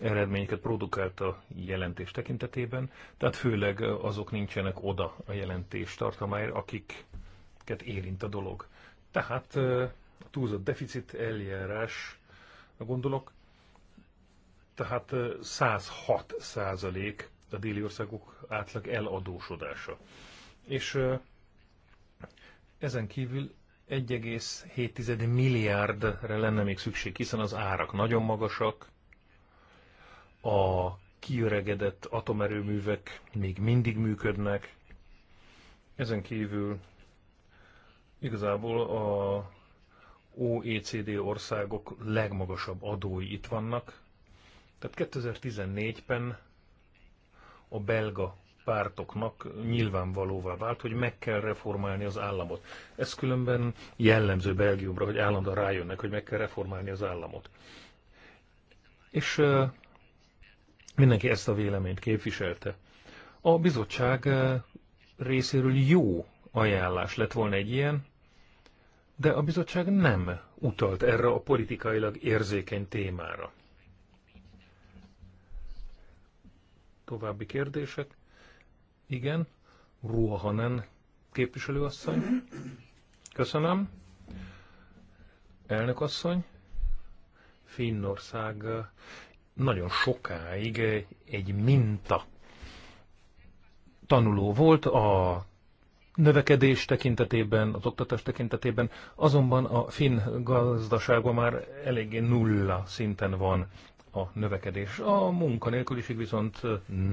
eredményeket produkált a jelentés tekintetében, tehát főleg azok nincsenek oda a jelentés tartalmáért, akiket érint a dolog. Tehát a túlzott deficit eljárás, gondolok, tehát 106 százalék a déli országok átlag eladósodása. És ezen kívül 1,7 milliárdra lenne még szükség, hiszen az árak nagyon magasak, a kiöregedett atomerőművek még mindig működnek, ezen kívül igazából a OECD országok legmagasabb adói itt vannak. Tehát 2014-ben a belga pártoknak nyilvánvalóvá vált, hogy meg kell reformálni az államot. Ez különben jellemző Belgiumra, hogy állandóan rájönnek, hogy meg kell reformálni az államot. És mindenki ezt a véleményt képviselte. A bizottság részéről jó ajánlás lett volna egy ilyen, de a bizottság nem utalt erre a politikailag érzékeny témára. További kérdések? Igen, Ruohanen képviselőasszony. Köszönöm. Elnökasszony, Finnország nagyon sokáig egy minta tanuló volt a növekedés tekintetében, az oktatás tekintetében, azonban a finn gazdaságban már eléggé nulla szinten van a növekedés. A munkanélküliség viszont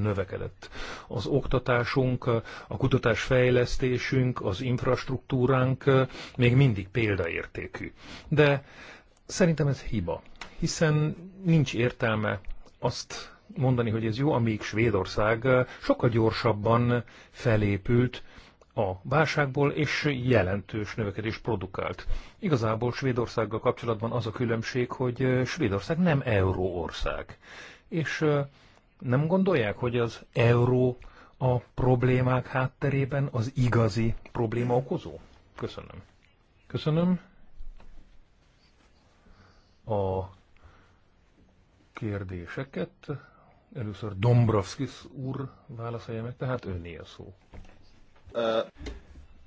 növekedett. Az oktatásunk, a kutatásfejlesztésünk, az infrastruktúránk még mindig példaértékű. De szerintem ez hiba, hiszen nincs értelme azt mondani, hogy ez jó, amíg Svédország sokkal gyorsabban felépült, a válságból, és jelentős növekedés produkált. Igazából Svédországgal kapcsolatban az a különbség, hogy Svédország nem euróország. És nem gondolják, hogy az euró a problémák hátterében az igazi probléma okozó? Köszönöm. Köszönöm. A kérdéseket először Dombrovskis úr válaszolja meg, tehát önné a szó.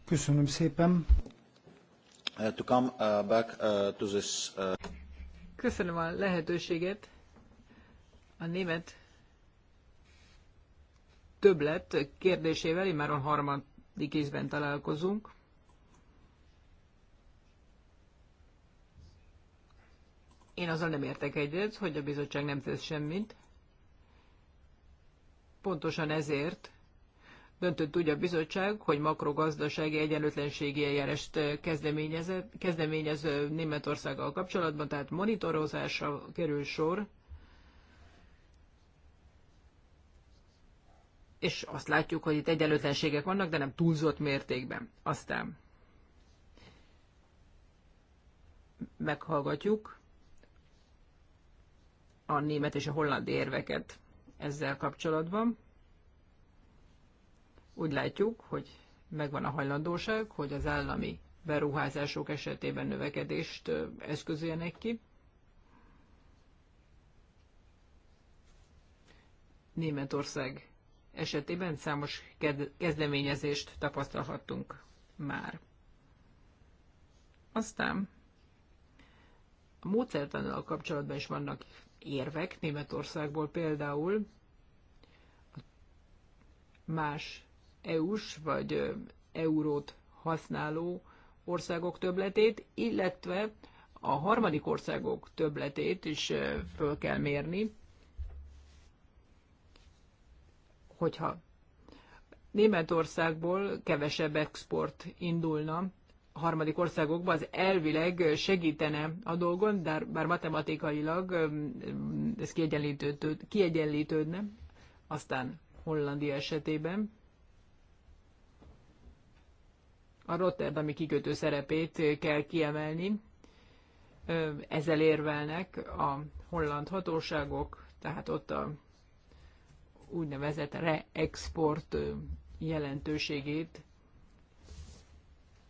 Köszönöm szépen. Uh, to come uh, back uh, to this. Köszönöm a lehetőséget. A német többlet kérdésével már a harmadik ízben találkozunk. Én azzal nem értek egyet, hogy a bizottság nem tesz semmit. Pontosan ezért döntött úgy a bizottság, hogy makrogazdasági egyenlőtlenségi eljárást kezdeményez, Németországgal kapcsolatban, tehát monitorozásra kerül sor, és azt látjuk, hogy itt egyenlőtlenségek vannak, de nem túlzott mértékben. Aztán meghallgatjuk a német és a holland érveket ezzel kapcsolatban. Úgy látjuk, hogy megvan a hajlandóság, hogy az állami beruházások esetében növekedést eszközöljenek ki. Németország esetében számos kezdeményezést tapasztalhattunk már. Aztán a módszertannal kapcsolatban is vannak érvek, Németországból például más EU-s vagy eurót használó országok töbletét, illetve a harmadik országok töbletét is föl kell mérni, hogyha Németországból kevesebb export indulna a harmadik országokba, az elvileg segítene a dolgon, de bár matematikailag ez kiegyenlítődne, aztán Hollandia esetében a Rotterdami kikötő szerepét kell kiemelni. Ezzel érvelnek a holland hatóságok, tehát ott a úgynevezett re-export jelentőségét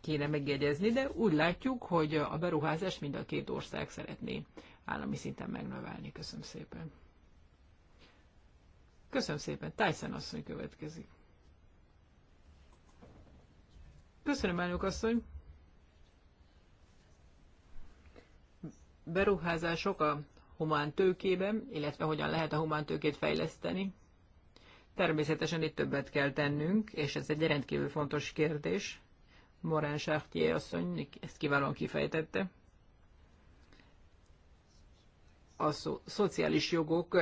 kéne megjegyezni, de úgy látjuk, hogy a beruházást mind a két ország szeretné állami szinten megnövelni. Köszönöm szépen. Köszönöm szépen. Tyson asszony következik. Köszönöm, elnök asszony. Beruházások a humán tőkében, illetve hogyan lehet a humán tőkét fejleszteni. Természetesen itt többet kell tennünk, és ez egy rendkívül fontos kérdés. Morán Chartier asszony ezt kiválóan kifejtette. A szo- szociális jogok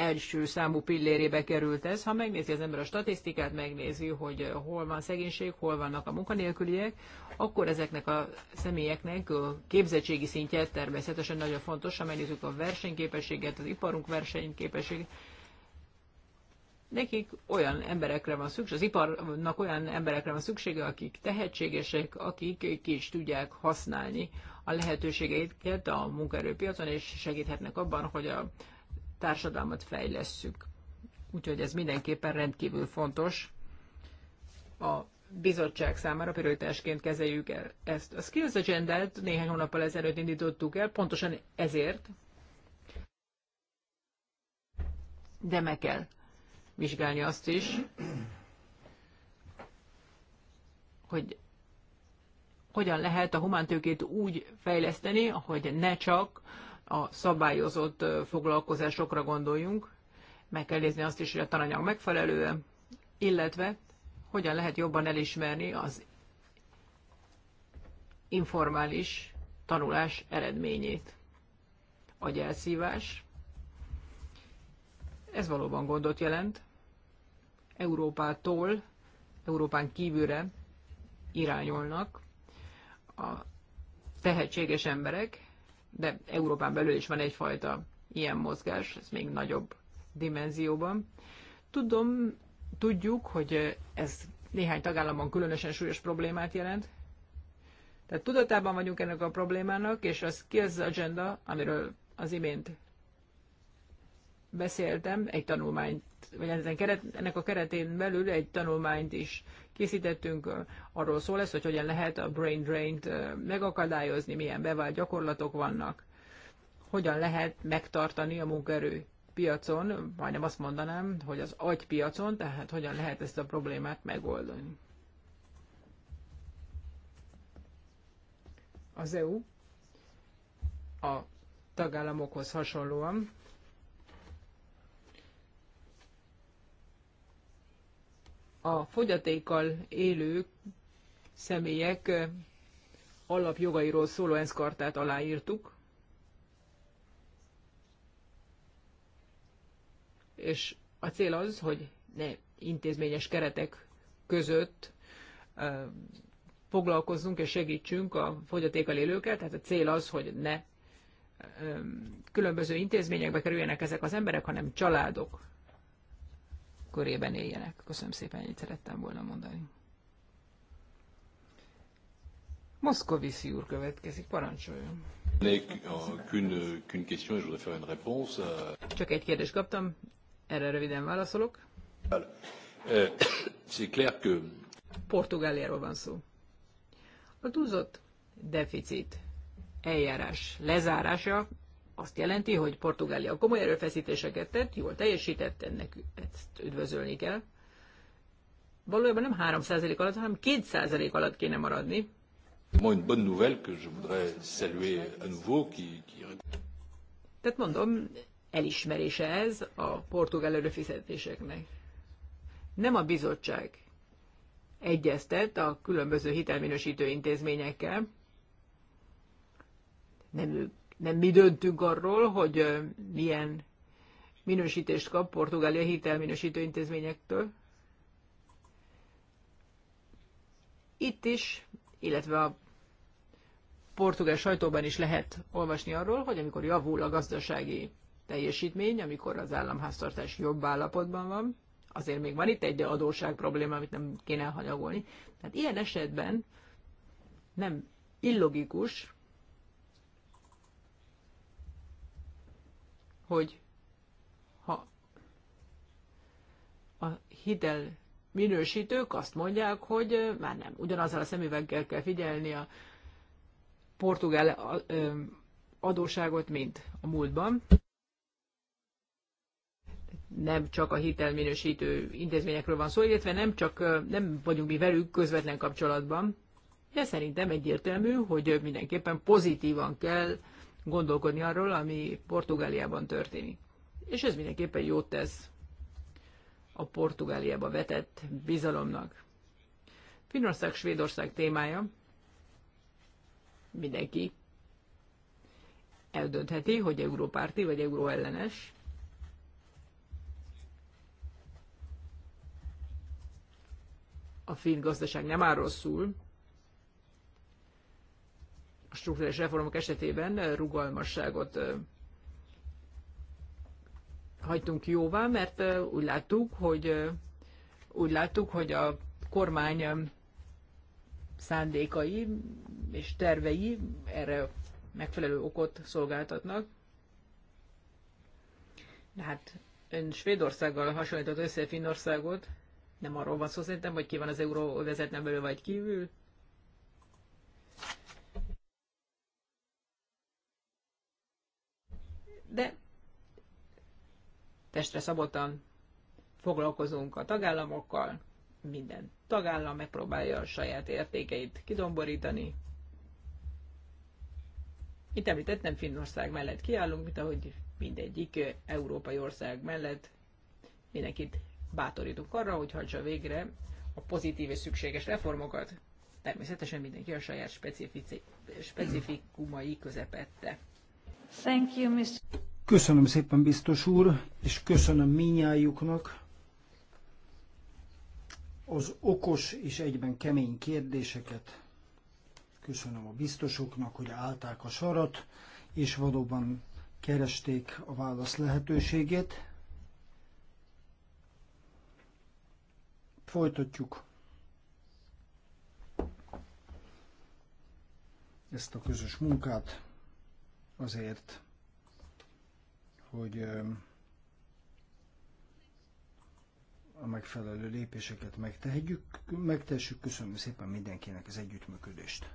első számú pillérébe került ez. Ha megnézi az ember a statisztikát, megnézi, hogy hol van szegénység, hol vannak a munkanélküliek, akkor ezeknek a személyeknek a képzettségi szintje természetesen nagyon fontos, ha megnézzük a versenyképességet, az iparunk versenyképességet, nekik olyan emberekre van szükség, az iparnak olyan emberekre van szüksége, akik tehetségesek, akik ki is tudják használni a lehetőségeiket a munkaerőpiacon, és segíthetnek abban, hogy a társadalmat fejlesszük. Úgyhogy ez mindenképpen rendkívül fontos. A bizottság számára prioritásként kezeljük el ezt. A Skills Agenda-t néhány hónappal ezelőtt indítottuk el, pontosan ezért, de meg kell vizsgálni azt is, hogy hogyan lehet a humántőkét úgy fejleszteni, hogy ne csak a szabályozott foglalkozásokra gondoljunk, meg kell nézni azt is, hogy a tananyag megfelelően, illetve hogyan lehet jobban elismerni az informális tanulás eredményét. Agyelszívás. Ez valóban gondot jelent. Európától, Európán kívülre irányolnak a tehetséges emberek, de Európán belül is van egyfajta ilyen mozgás, ez még nagyobb dimenzióban. Tudom, tudjuk, hogy ez néhány tagállamban különösen súlyos problémát jelent. Tehát tudatában vagyunk ennek a problémának, és az ki az agenda, amiről az imént beszéltem, egy tanulmányt, vagy ennek a keretén belül egy tanulmányt is készítettünk, arról szó lesz, hogy hogyan lehet a brain drain-t megakadályozni, milyen bevált gyakorlatok vannak, hogyan lehet megtartani a munkaerő piacon, majdnem azt mondanám, hogy az agypiacon, tehát hogyan lehet ezt a problémát megoldani. Az EU a tagállamokhoz hasonlóan a fogyatékkal élő személyek alapjogairól szóló ENSZ aláírtuk, és a cél az, hogy ne intézményes keretek között foglalkozzunk és segítsünk a fogyatékkal élőket, tehát a cél az, hogy ne különböző intézményekbe kerüljenek ezek az emberek, hanem családok, körében éljenek. Köszönöm szépen, ennyit szerettem volna mondani. Moszkovici úr következik, parancsoljon. Euh, Csak egy kérdést kaptam, erre röviden válaszolok. Euh, Portugáliáról van szó. A túlzott deficit eljárás lezárása azt jelenti, hogy Portugália komoly erőfeszítéseket tett, jól teljesített, ennek ezt üdvözölni kell. Valójában nem 3% alatt, hanem 2% alatt kéne maradni. Tehát mondom, elismerése ez a portugál erőfeszítéseknek. Nem a bizottság egyeztet a különböző hitelminősítő intézményekkel, nem ők nem mi döntünk arról, hogy milyen minősítést kap Portugália hitelminősítő intézményektől. Itt is, illetve a portugál sajtóban is lehet olvasni arról, hogy amikor javul a gazdasági teljesítmény, amikor az államháztartás jobb állapotban van, azért még van itt egy adóság probléma, amit nem kéne elhanyagolni. Tehát ilyen esetben nem illogikus hogy ha a hitel minősítők azt mondják, hogy már nem, ugyanazzal a szemüveggel kell figyelni a portugál adóságot, mint a múltban. Nem csak a hitelminősítő intézményekről van szó, illetve nem csak nem vagyunk mi velük közvetlen kapcsolatban, de szerintem egyértelmű, hogy mindenképpen pozitívan kell gondolkodni arról, ami Portugáliában történik. És ez mindenképpen jót tesz a Portugáliába vetett bizalomnak. finország Svédország témája mindenki eldöntheti, hogy európárti vagy euróellenes. A finn gazdaság nem áll rosszul, a struktúrális reformok esetében rugalmasságot hagytunk jóvá, mert úgy láttuk, hogy úgy láttuk, hogy a kormány szándékai és tervei erre megfelelő okot szolgáltatnak. De hát ön Svédországgal hasonlított össze Finnországot, nem arról van szó szerintem, hogy ki van az vezetne belül vagy kívül, de testre szabottan foglalkozunk a tagállamokkal, minden tagállam megpróbálja a saját értékeit kidomborítani. Itt említettem Finnország mellett kiállunk, mint ahogy mindegyik európai ország mellett mindenkit bátorítunk arra, hogy hagyja végre a pozitív és szükséges reformokat, természetesen mindenki a saját specifikumai közepette. Thank you, Mr. Köszönöm szépen, biztos úr, és köszönöm minnyájuknak az okos és egyben kemény kérdéseket. Köszönöm a biztosoknak, hogy állták a sarat, és valóban keresték a válasz lehetőségét. Folytatjuk ezt a közös munkát azért, hogy a megfelelő lépéseket megtehetjük, megtessük. Köszönöm szépen mindenkinek az együttműködést.